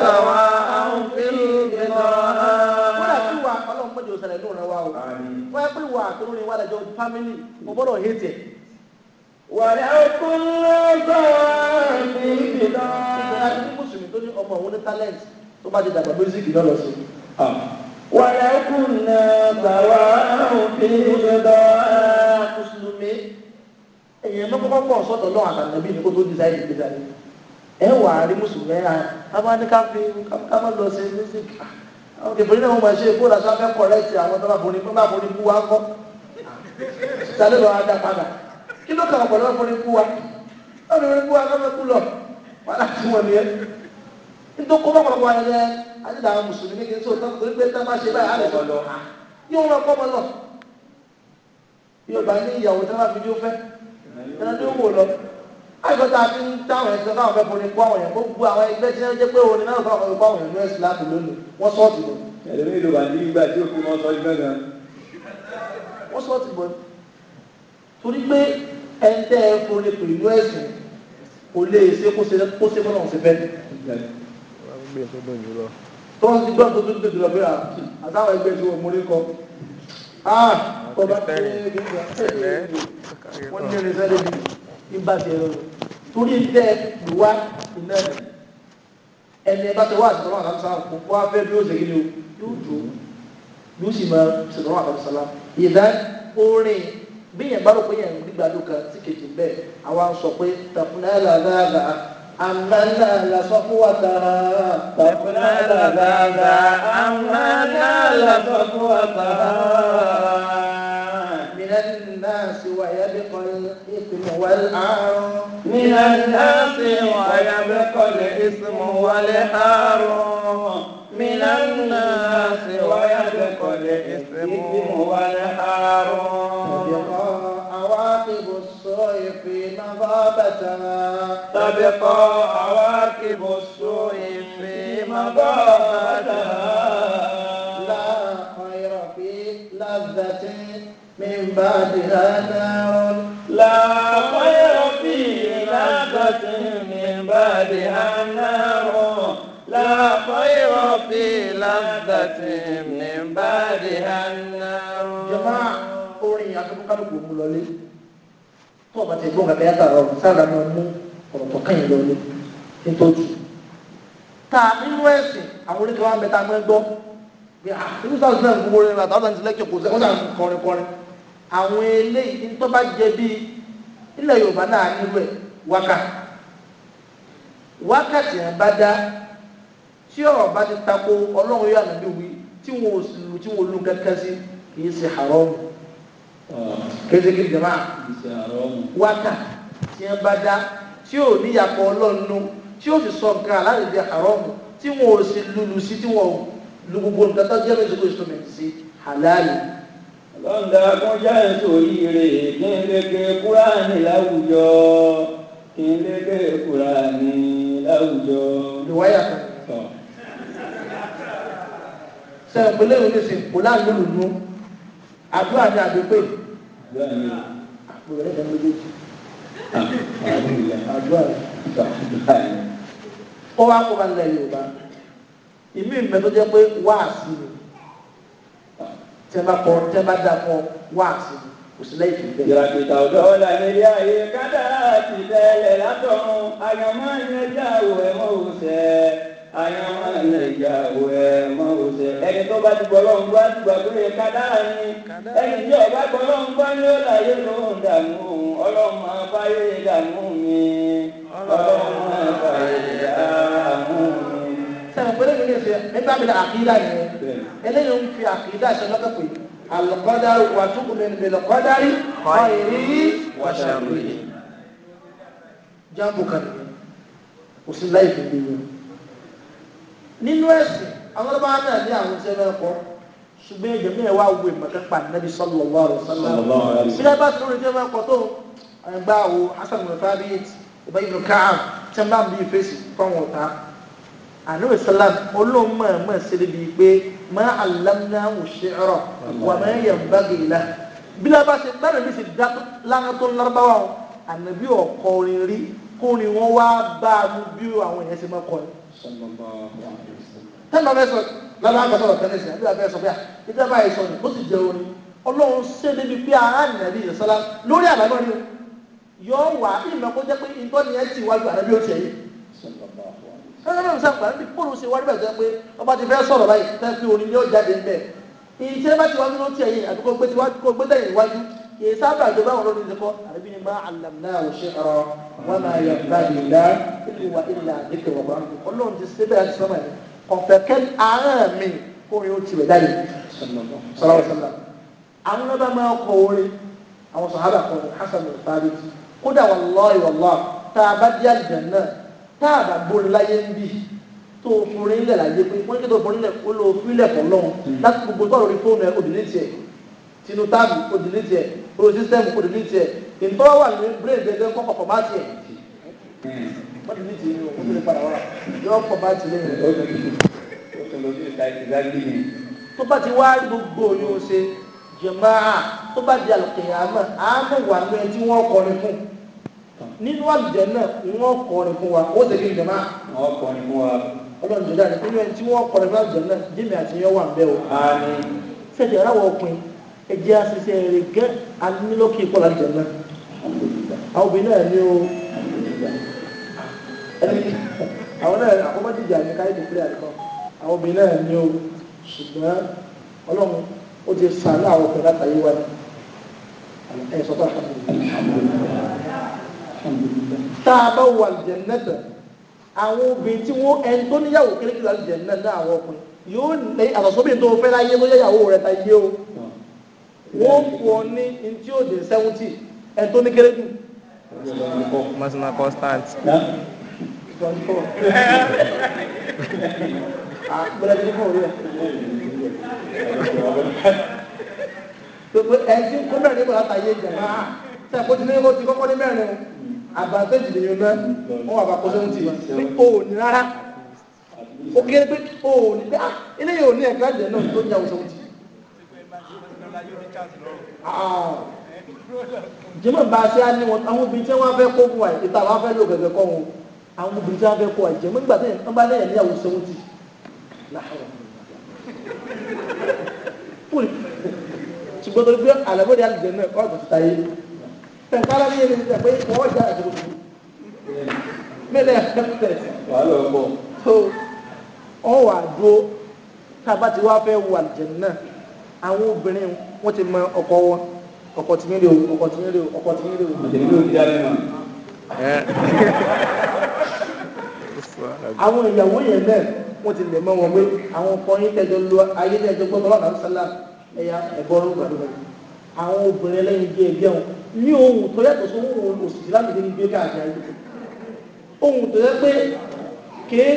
سواء في البضاعة. wọ́n yà kí wà ọlọ́run mọ́jọ sẹlẹ̀ ní ọ̀nà wa o wọ́n yà kí mùsùlùmí tó ní ọmọ òun ní talent tó bá ti dàgbà lórí lọ́lọ́sí wàlẹ́kùnà tàwa òfin ìṣẹ̀dọ̀ mùsùlùmí ẹ̀yìn ẹ̀mọ́ kọ́kọ́ pọ̀ sọ́dọ̀ lọ́wọ́ àtàlẹ́bí ni kó tó dísáyé ìgbésà ni ẹ wà á rí mùsùlùmí ẹ̀ àbá ní ká fi ká má lọ sí ẹ̀sìn àwọn kẹfìrí náà wọ́n máa ṣe èkó làṣà fẹ́ kọ̀rẹ́tì àwọn tó bá borí tó bá borí bú wa kọ́ sálẹ̀ lọ́wọ́ ajá padà kí ló kà ọ̀pọ̀lọpọ̀ borí bú wa lọ́wọ́ borí bú wa kọ́ nítorí kó bọ́pọ̀lọpọ̀ ayẹyẹ adídà àwọn mùsùlùmí kì í sọ tán torí pé tán bá ṣe báyìí àlejò lọ ha yóò rọ kọ́ ọmọ lọ yorùbá ní ìyàwó tí wọ́n bá fi jó fẹ́ ẹ̀rọ tó wò lọ àìsọ́tà fi ń táwọn ẹ̀sìn fáwọn fẹ́ fún ni kó àwọn yẹn kó gbogbo àwọn ẹgbẹ́ tí wọ́n jẹ́ pé òun ni náà fáwọn fẹ́ kó àwọn yẹn ní ẹ̀sìn láti lónìí wọ́n sọ́ọ̀tì lọ. ẹlẹ́mìí ló wà ní ìgbà tí òkú wọn sọ ibẹ̀ gan. wọ́n sọ́ọ̀tì bọ̀ torí pé ẹ̀ńtẹ́ ẹ̀ ni pẹ̀lú ẹ̀sìn kò lè ṣe kó ṣe kó ṣe fọ́nà ọ̀sẹ̀ fẹ́ gbé tó dùn jù lọ. tó ń gbọ́ tó tó dùn jù lọ pé ah, àtàwọn ẹgbẹ́ tí wọ́n mórí kọ. ọba ah, tí wọ́n ní ẹni sẹ́lẹ̀ bí ibà tiẹ̀ lọ. torí tẹ ìwà iná ẹni ẹ bá tẹ wá àtìkọ́nà àkàtúnṣe àwọn kókó afẹ́ bí ó ṣe kíni o yóò dùn yóò sì máa ṣètọ́nà àkàtúnṣe lá ìdá orin bí yẹn bá rò pé yẹn gbígbà ló kan sí kejì bẹ́ẹ̀ àwa ń sọ pé tàkùnà ẹ̀ làdáàdáà أمنا نال صفوتها فقنا لذاذا أمنا نال صفوتها من الناس ويبقى الإثم والعار من الناس ويبقى الإثم والحار من الناس ويبقى مصابتها تبقى عواقب السوء في مضابتها لا خير في لذة من بعدها نار لا خير في لذة من بعدها نار لا خير في لذة من بعدها النار جماعة أوري أكبر قلبهم لولي Pọ̀ bá ti gbóǹgà bẹ́ẹ̀ tààrà ọ̀rọ̀ sára máa mú ọ̀rọ̀ tó kàn yín lọ ní nítòjú. Ta nínú ẹ̀sìn àwọn oríkèé wa ń bẹ tá a máa ń gbọ́. Ah, irú sáà sílẹ̀ ń gbogbo rẹ̀ rà táwọn ti lẹ́kẹ̀ẹ́ kò sẹ́ wọ́n sàn kọrin kọrin. Àwọn eléyìí tó bá jẹ bíi ilẹ̀ Yorùbá náà nírú ẹ̀ wákà. Wákàtí ẹ̀ bá dá tí ọ̀rọ̀ bá ti tako Ọlọ́run yóò àná kézeke jama wákà tí wọn bá dá tí ò níyàpọ̀ ọlọ́nu tí ó sì sọ nǹkan aláàbẹ̀bẹ̀ àrọ́mù tí wọn ò sì lulu sí tí wọn ò lu gbogbo nǹkan tó jẹ́ mẹ́sìkò ìsọmẹ̀tì sí halali. lọ́ńdà kọjá ètò ìrè kí n lè gbé kúránì láwùjọ kí n lè gbé kúránì láwùjọ. ìwáyà kan sẹ́yìn pẹ̀lú ìwé ní sèpò láàyè lùnú àdúrà ni àdúgbò àpò rẹ̀ dẹ̀ méjèèjì ah, àdúrà ó wá kó balẹ̀ Yorùbá ìmí ìmẹ́ tó jẹ́ pé wáàsí ni tẹ́ bá kọ ni kò sí ìràkìtà ọ̀dọ́ ọ̀la nílé ayé kádà ti tẹ́lẹ̀ látọ̀ àyàmọ́ ìyẹn jáwé ẹ̀mọ́ òṣèlú ayọ̀mọ̀lẹ́yàwó ẹ̀ mọ́ òṣè. ẹni tó bá ti gbọ́ lọ́n gbọ́ àti gbàgbọ́ kádà ni ẹni tí ọba gbọ́ lọ́n gbọ́ ni ó láyé ló ń dààmú ọlọ́mọ abáyé dààmú mi ọlọ́mọ abáyé dààmú mi. sẹ́wọ̀n pé lẹ́yìn ilé ṣe nígbà mi ní àkídà yẹn eléyìí ń fi àkídà ṣe lọ́kàn pé alùkọ́dárì wà túkùnrin bìlùkọ́dárì kọ́ ìrírí wàṣàrò yìí. jáàbù kan nínú ẹ̀sìn àwọn ọba náà ní àwọn tí ẹ bẹ́ẹ̀ kọ́ ṣùgbọ́n mi ẹ̀ wá wo ìmọ̀kẹ́ pa nàbí sallallahu alaihi wasallam bílẹ̀ bá tó lórí tí ẹ bẹ́ẹ̀ kọ́ tó ẹgbẹ́ àwo hasan mufabiyit ìbá ibùdó káàm tí ẹ bá ń bí fèsì fáwọn ọ̀tá ànábì sálám olóhùn mọ̀ mọ̀ sílẹ̀ bíi pé ma allamnahu shi'ra wa ma yanbaghi lahu bílẹ̀ bá ṣe bẹ́ẹ̀ kúrin wọn wá bá a mú bí àwọn èèyàn ṣe máa kọ ẹ. tẹ́lẹ̀ fẹ́ sọ lábẹ́ àgbà sọ̀rọ̀ tẹ́lẹ̀ sí àbíyá fẹ́ sọ bẹ́ẹ̀ ìdí àbá yìí sọ ni ó sì jẹ́ orin ọlọ́run ṣe débi pé ara nàbí ìṣọ́lá lórí àbámọ́ ni yọ wà ìmọ̀ kó jẹ́ pé ìtọ́ni ẹ̀ ti wájú àdàbí ó ti ẹ̀yìn ẹgbẹ́ mi sàgbà níbi kóòlù ṣe wá níbẹ̀ jẹ́ pé ọba ti fẹ́ sọ̀rọ̀ báyìí tẹ́ fi orin yóò jáde ń bẹ̀ ìṣe bá ti wájú ló ti ẹ̀yìn àdúgbò gbé tẹ̀yìn iwájú kìí sábà tó báwọn lórí ti kọ́ àbí ni máa àlàmúná òṣè ọ̀rọ̀ wọn máa yọ gbàdúrà ìlúwa ìlà àdékè wọ̀ bọ́n ọlọ́run ti ṣe bẹ́ẹ̀ sọ́mọ ẹ̀ kọ̀fẹ́ kẹ́ àárẹ̀ mi kó mi ó tiwẹ̀ jáde sọlọ́wọ́ sọlọ́ àwọn náà bá máa kọ orin àwọn sọ̀hábà kan Hasan al-Thabit kódà wallahi wallahi tá a bá dí àjẹ́ náà tá a bá borí láyé ń bì tó forin lẹ̀ láyé pé wọ́n ń ké tó forin lẹ̀ ó lọ fílẹ̀ fọ́ lọ́hùn láti gbogbo tó lórí fóònù ẹ̀ òdìlé tiẹ̀ tinú kúrò sísẹ́mù kò dìbí tiẹ̀ ìtọ́ wà ní brain bẹ́ẹ̀ lọ́kọ̀ kọ̀kọ̀ má tiẹ̀ má dìbí tiẹ̀ ní òkú tó padà wà yọ kọ̀ bá tiẹ̀ lẹ́yìn tó bá ti wá gbogbo yóò ṣe jẹ̀máà tó bá di àlùkìyàmọ̀ àmọ̀ wà ní ẹni tí wọ́n kọrin fún nínú àlùjẹ náà wọ́n kọrin fún wa ó tẹ̀lé jẹ̀máà. wọ́n kọrin fún wa. ọlọ́run jẹ̀dá ni nínú ẹni tí wọ́n kọrin fún àlùjẹ náà jẹ́mi àti yẹn wà ń bẹ́ o. àmín. fẹ̀jẹ̀ aráwọ̀ ọkùnrin ẹjẹ́ àṣìṣe rẹ̀ gẹ́ anílọ́kì ìpọ̀ láti jẹ̀mọ́ àwọn obìnrin náà ní o àwọn náà àkọ́kọ́ jìjà ní káyé tó pílẹ̀ àdìkọ́ àwọn obìnrin náà ní o ṣùgbọ́n ọlọ́run ó ti sàánú àwọn ọkùnrin látàyè wa ni ẹ̀ sọ́tọ̀ tá a bá wà jẹ̀nẹ́tà àwọn obìnrin tí wọ́n ẹni tó níyàwó kékeré láti jẹ̀nẹ́tà àwọn ọkùnrin yóò ní àtọ̀sọ́bìnrin tó fẹ́ láyé ló yẹ ìyàwó rẹ̀ ta yé o wọ́n fún ọ ní ntí ó dé seventy ẹ̀ tó ní kéré jù. masina constant. twenty four. gbọ́dọ̀ twenty four rẹ̀. gbogbo ah, ẹ̀ńtí kọ́mẹ́rin ní bàtà yé jàmbá sẹ́yìn ah, kó ti ní kó ti kọ́kọ́ ní mẹ́rin o àbàtẹ́jì lè yọ̀nà wọn wà bá kó seventy ní òòní rárá ó kéré pé òòní pé ah eléyìí òòní ẹ̀ka jẹ̀ náà tó ń jà wọ́n seventy. Ah. jimmy baasi á ní wọn àwọn obìnrin tí wọn fẹ́ kó bu wa ìta wọn fẹ́ lò gẹ́gẹ́ kọ wọn àwọn obìnrin tí wọn fẹ́ kó wa jẹ mọ nígbà tí wọn bá lẹ́yìn níyàwó sẹwọntì ṣùgbọ́n tó gbé àlàbọ̀dé àlùjẹ náà kọ́ ọ̀dọ̀ ta yé tẹ̀kálá ní yẹn ní pé wọ́n jà àti gbogbo mẹ́lẹ̀ ẹ̀fẹ́ wàhálà ọmọ tó tá a bá ti wá fẹ́ wọ àlùjẹ náà àwọn obìnrin wọ́n ti mọ ọkọ wọn ọkọ tí nílé o ọkọ tí nílé o ọkọ tí nílé o. àjẹ̀lú ló ti dá nínú. àwọn ìyàwó yẹn bẹ́ẹ̀ wọ́n ti lè mọ wọn pé àwọn ọkọ yín tẹ̀jọ lọ ayé tẹ̀jọ gbọ́dọ̀ lọ́dà sálà ẹ̀yà ẹ̀gbọ́n gbàdúrà àwọn obìnrin lẹ́yìn bí ẹgbẹ́ wọn ní ohun tó yàtọ̀ sí ohun òṣìṣẹ́ láti dé ní bí ó káàkiri ohun tó yẹ pé kèé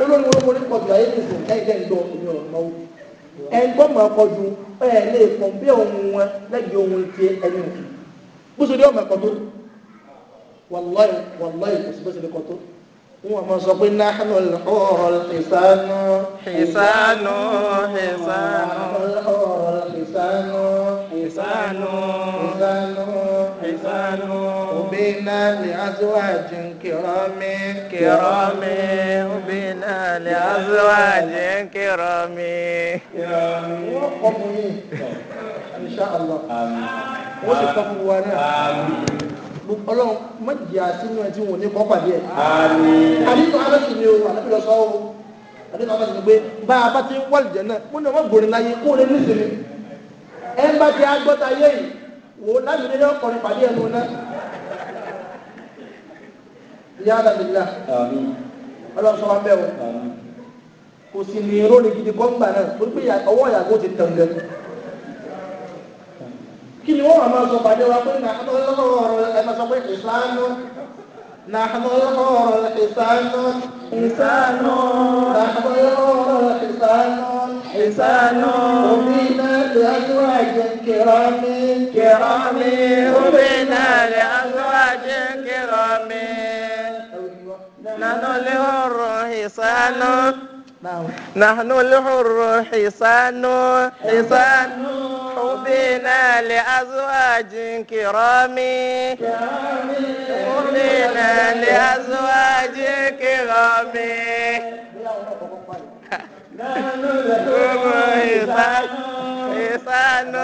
olórí olórí pọ̀jù ayé nìsín kẹ́kẹ́ ẹ̀ńtọ́mọ̀ ọkọ̀jú ẹ̀ lè pọ̀n bí ohun wọn lẹ́gbẹ̀ẹ́ ohun ti ẹni òkè bó ṣe dé ọmọ ẹ̀kọ́ tó wàláì wàláì kò sí bó ṣe lè kọ́ tó wọn mọ sọ pé nahnu al-hurul hisanu hisanu hisanu al-hurul وبينا لأزواج كرام كرام وبينا لأزواج كرام كرام إن شاء الله آمين وتقوى آمين ọlọ́run mọ̀jìyà sínú ẹ tí wọn ò ní kọ́ pàdé ẹ̀. àdìsọ aláṣẹ ni o àdìsọ sọ o àdìsọ aláṣẹ ni pé bá a bá ti ń wọlé jẹ náà mo ní ọmọ gòrìn láyé kó o lè nísìnyí ẹ ń bá ti agbọ́ta yé yìí wò ó láti ní ọkọ̀ ní pàdé ẹ̀ lónà ní àdàbìlá ọlọ́sọ wa bẹ́ẹ̀ o kò sì ní irú ni gidi kọ́ ń gbà náà torí pé ọwọ́ ìyàgò ti tàn gẹ́ kí ni wọ́n wà máa sọ pàdé wa pé nà ánú ọlọ́rọ̀ ẹ máa sọ pé ìsánú nà ánú ọlọ́rọ̀ ìsánú ìsánú nà ánú ọlọ́rọ̀ ìsánú ìsánú omi náà lè azúwájẹ kẹrọmi kẹrọmi omi náà lè azúwájẹ. نحن الحر حصان نحن الحر حصان حصان حبنا لأزواج كرام حبنا لأزواج كرام نحن الحر حصان حصان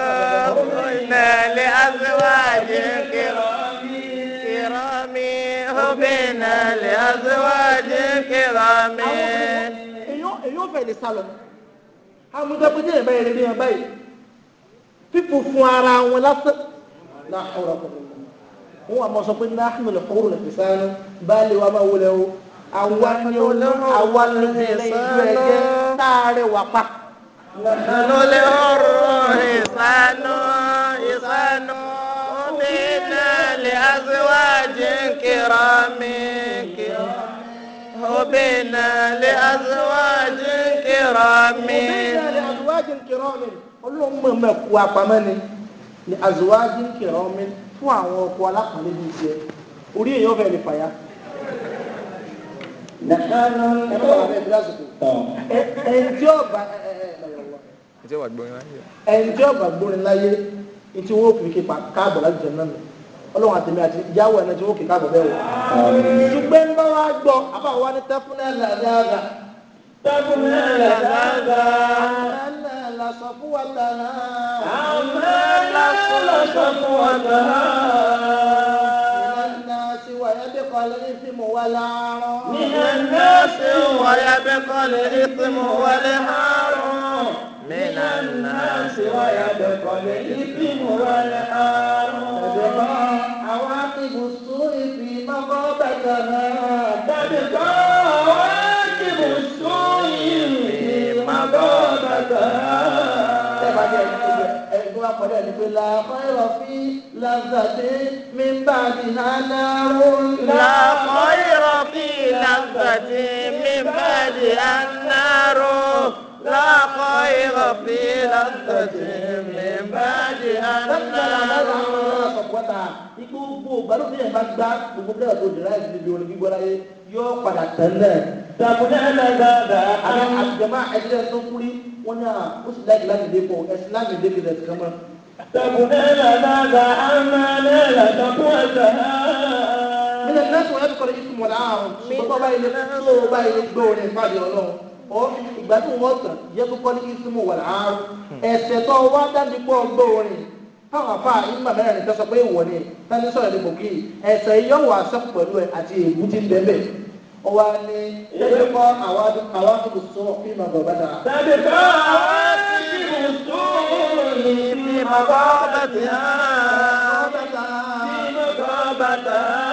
حبنا لأزواج كرام الله بنا لأزواج الكرام. èyí ò fẹ́ lè sálọ ní àwọn ọmọdébùdé ẹ̀ báyìí rí wọn báyìí fífò fún ara wọn lásán láhùrọ̀ kọ̀ọ̀kan wọn àmọ́ sọ pé náhùn lè kúrò lè fi sáré báyìí wàá máa لأزواج كرام هبنا لأزواج كرام هبنا لأزواج كرام Ọlọ́run mọ̀ kú apamọ́ ni ni azuwájú ń kìrọ̀ ọmọ fún àwọn ọkọ alápàlẹ́ bíi tiẹ̀ orí èèyàn fẹ́ lè fàyà. ẹnjọ́ bàgbórin láyé ntí wọ́n kùn kí pa káàbọ̀ láti jẹun náà nù ọlọ́run àtẹ̀mí àti ìyáwó ẹni tí wọ́n kíkà bẹ̀rẹ̀ wọ̀. ṣùgbọ́n ń bá wa gbọ́ àbá wa ní tẹ́fúnẹ́ làdáàdà. tẹ́fúnẹ́ làdáàdà. àmẹ́ làṣọ fún wa dáná. àmẹ́ làṣọ fún wa dáná. nínú ẹ̀sìn wáyé bí kọ́lé ní fíìmù wà láàárọ̀. nínú ẹ̀sìn wáyé bí kọ́lé ní fíìmù wà láàárọ̀. من الناس ويدخل الإثم والآرون عواقب السوء في مغابتها تبقى عواقب السوء في مغابتها Ọ̀dọ̀ ìgbè la kọ́yọ̀ fi làzàdé mi bá di hànà rún. La kọ́yọ̀ fi làzàdé mi bá di hànà rún. لا خير في لذة من بعدها gbogbo gbàlódé yẹn bá gbá gbogbo kílẹ̀ tó dìrá ẹ̀ níbi orin gbígbó láyé yóò padà tẹ̀lé. dàbọ̀dé ẹ̀ lẹ́gbẹ̀ẹ́dà. àmì àjẹmọ́ ẹ̀dílẹ̀ tó kúrí wọ́n ní à ó sì láì láti dé pọ̀ ẹ̀sìn láti dé kìlẹ̀ kan mọ́. dàbọ̀dé ẹ̀ lẹ́gbẹ̀ẹ́dà àmà ẹ̀ lẹ́gbẹ̀ẹ́dà ẹ̀dà. mílẹ̀ náà sọ̀rọ̀ ẹ̀ ìgbà tí wọ́n sàn yẹ kó ní ismu wà láàrú ẹ̀sẹ̀ tó wá dájú pọ̀ gbọ́ orin táwọn afá ìgbà mẹ́rin nìkan sọ pé ìwọ ni tani sọ̀rọ̀ ní bòkì ẹ̀sẹ̀ yóò wà sẹ́kù pẹ̀lú ẹ̀ àti ti ni ẹgbẹ́ kọ́ àwọn sọ bàtà. kọ́ àwọn sọ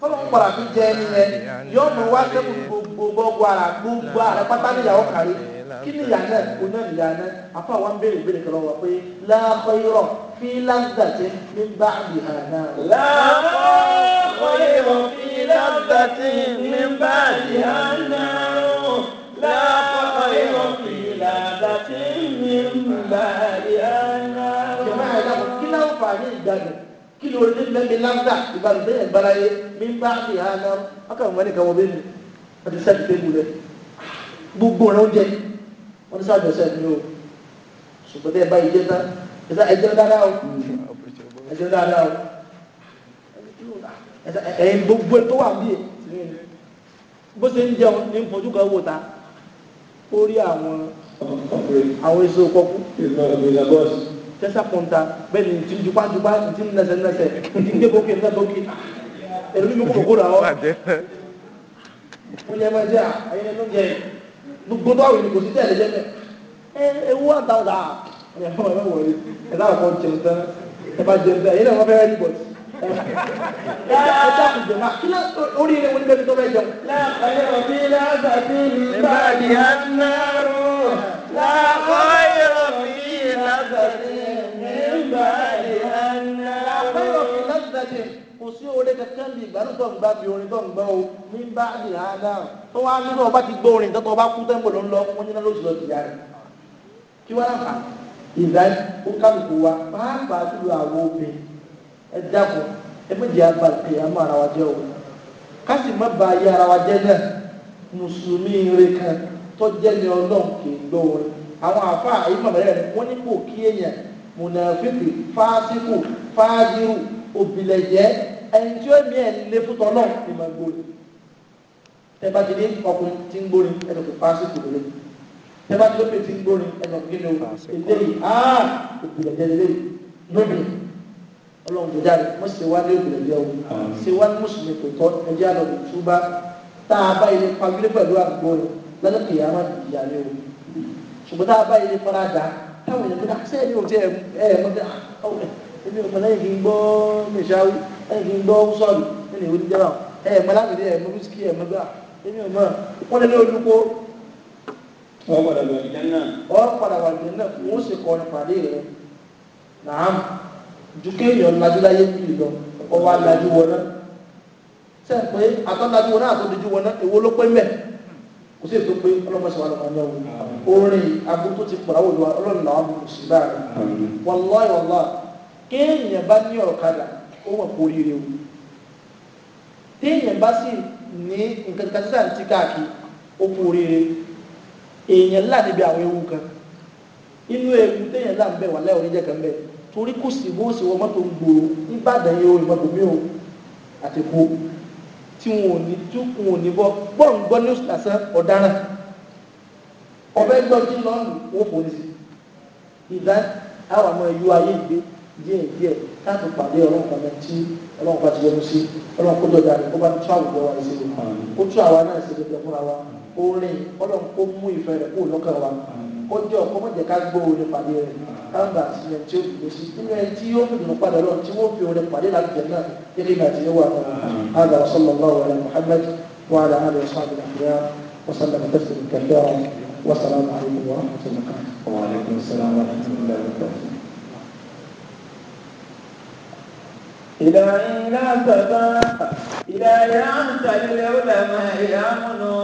fọlọ́n padà fi jẹ ẹni yẹn yọ mọ wá sẹ́kù gbogbo gbogbo ara gbogbo ara pátá níyàwó kàrí kí níyà náà kò náà níyà náà afọ àwọn ń béèrè ìbéèrè kan lọ́wọ́ pé láàkọ́ irọ́ fi lásìdàtì ní bá àbíhà náà. láàkọ́ irọ́ fi lásìdàtì ní bá àbíhà náà. láàkọ́ irọ́ fi lásìdàtì ní bá àbíhà náà. jọ̀wọ́ àyàwó kí láǹfààní ìgbàgbọ́ kí ló rí lẹ́yìn lẹ́yìn lambda ìbànújẹ́ yẹn gbára yé mi bá ti hàn án ọkàn wọn nìkan wọn bẹ mi wọn ti sẹ́ẹ̀tì tẹ́lu rẹ gbogbo ọ̀nà oúnjẹ wọn ti sáàjọ sẹ́ẹ̀tì ni o ṣùgbọ́n bẹ́ẹ̀ báyìí jẹ́ tán ẹ̀jẹ̀ dáadáa o ẹ̀jẹ̀ dáadáa o ẹ̀yìn gbogbo tó wà níyẹn bó ṣe ń jẹun ní fojú kan wò ta ó rí àwọn àwọn èso kọkú tẹ́sà kọ̀ǹda bẹ́ẹ̀ ni ti jupa jupa ti nẹsẹ̀ nẹsẹ̀ ti gbé bókè nẹsẹ̀ bókè ẹ̀rọ mi kò kó ra ọ́ ó yẹ máa jẹ́ àyẹ̀ ló yẹ gbogbo àwọn ènìyàn kò sí tẹ̀lé jẹ́ mẹ́ ẹ ewu àtàwọ̀dà ẹ̀ fún ẹ̀ wọlé ẹ̀ náà kọ́ jẹun tán ẹ̀ bá jẹun tán ẹ̀yẹ́ náà wọ́n fẹ́ rí bọ̀tì oríire wọn bẹ́ẹ̀ tó bẹ jẹun. láàpẹ̀lẹ̀ òbí lágbàdì nígbàdì àná rò láàpẹ̀lẹ̀. لذة من بعد أن لعبر في لذة kò sí oore kankan bíi ìgbádùn tó ń ní bá di àádá tó wá ní bá ọba ti gbọ́ orin tó tọ́ ọba kú tẹ́ńpò ló ń lọ wọ́n ní lọ́sùn lọ́sùn ìyá rẹ̀ kí wọ́n láǹfà ìdá ó kálukú wa pàápàá tó lo àwọn obìnrin ẹ dákun ẹ méjì àgbà pé àmọ́ ara wa jẹ́ o ká má ba ayé ara wa jẹ́ náà mùsùlùmí rẹ̀ kan tó jẹ́ ní gbọ́ orin àwọn àfa ìmọ̀lẹ́rẹ̀ ni wọ́n ní kò kí èèyàn mùnàfíìkì fásitì fáájírù òbílẹ̀jẹ́ ẹni tí ó ní ẹ̀ lé fútọ́ náà ni mà gbóni tẹ́bá ti ní ọkùnrin tí ń gbóni ẹnu kò fásitì lórí tẹ́bá ti lópin tí ń gbóni ẹnu kí ni eléyìí áà ah, òbílẹ̀jẹ́ eléyìí lóbi ọlọ́run tó jáde wọ́n ṣe wá ní òbílẹ̀jẹ́ o ṣe wá ní mùsùlùmí tó tọ́ ẹjẹ́ àlọ́ tó túbá tá a bá ilé pagilé pẹ̀lú àgbò rẹ̀ lọ́dọ̀ kìyàmá ṣùgbọ́n tá a bá ilé fara dà táwọn èèyàn gbọ́dọ̀ ṣé èmi ò tiẹ̀ ẹ ẹ mọdé èmi ò mọdé kí n gbọ́ mẹṣáwí lẹ́yìn kí n gbọ́ sọọlù lẹ́yìn ìwé níjẹba ẹ ẹ mọdé àgbẹdẹ ẹ mọdé wíṣíkì ẹ mọdé èmi ò mọ wọn lé olùkó. wọn padà wà lùdẹ náà. wọn padà wà lùdẹ náà wọn sì kọ ní pàdé rẹ náà ju kéèyàn lajú láyé bí lọ ọwọ́ alájú wọn orin aburú ti pọ̀ láwùjọ ọlọ́run làwọn burú sí báyìí wàláì wàláì kéèyàn bá ní ọ̀kadà ó wà kó rírẹ o téèyàn bá sì ní nǹkan kan sísà ti káàkiri ó kó rírẹ èèyàn ewu kan inú ewu téèyàn ńlá oníjẹ kan bẹ torí kò sí bó ṣe wọ mọ́tò ń gbòòrò nígbàdàn yìí ọbẹ̀ gbọ́dí lọ́nù wọ́n kò ní. ìdá àwọn ọmọ ìlú ayé gbé díẹ̀ díẹ̀ káàtó pàdé ọlọ́run kan náà tí ọlọ́run kan ti yọnu sí ọlọ́run kó dọ̀dà rẹ̀ kó bá tún àwùjọ wa ṣe lè kó tún àwa náà ṣe lè fúnra wa kó rìn ọlọ́run kó mú ìfẹ́ rẹ̀ kó lọ́kàn wa kó jẹ́ ọ̀kọ́ mọ̀jẹ̀ ká gbọ́ orin pàdé rẹ̀ káńbà sí tí ó dìbò sí nínú ẹni tí yóò fìdùnnú padà lọ tí wọ́n fi orin pàdé láti jẹ náà eré náà ti yẹ wà náà hàdà sallallahu alaihi Muhammad wa ala Wassalamualaikum warahmatullahi wabarakatuh. Waalaikumsalam warahmatullahi wabarakatuh. Ila ila sada ila ya'ta lil ulama ila munu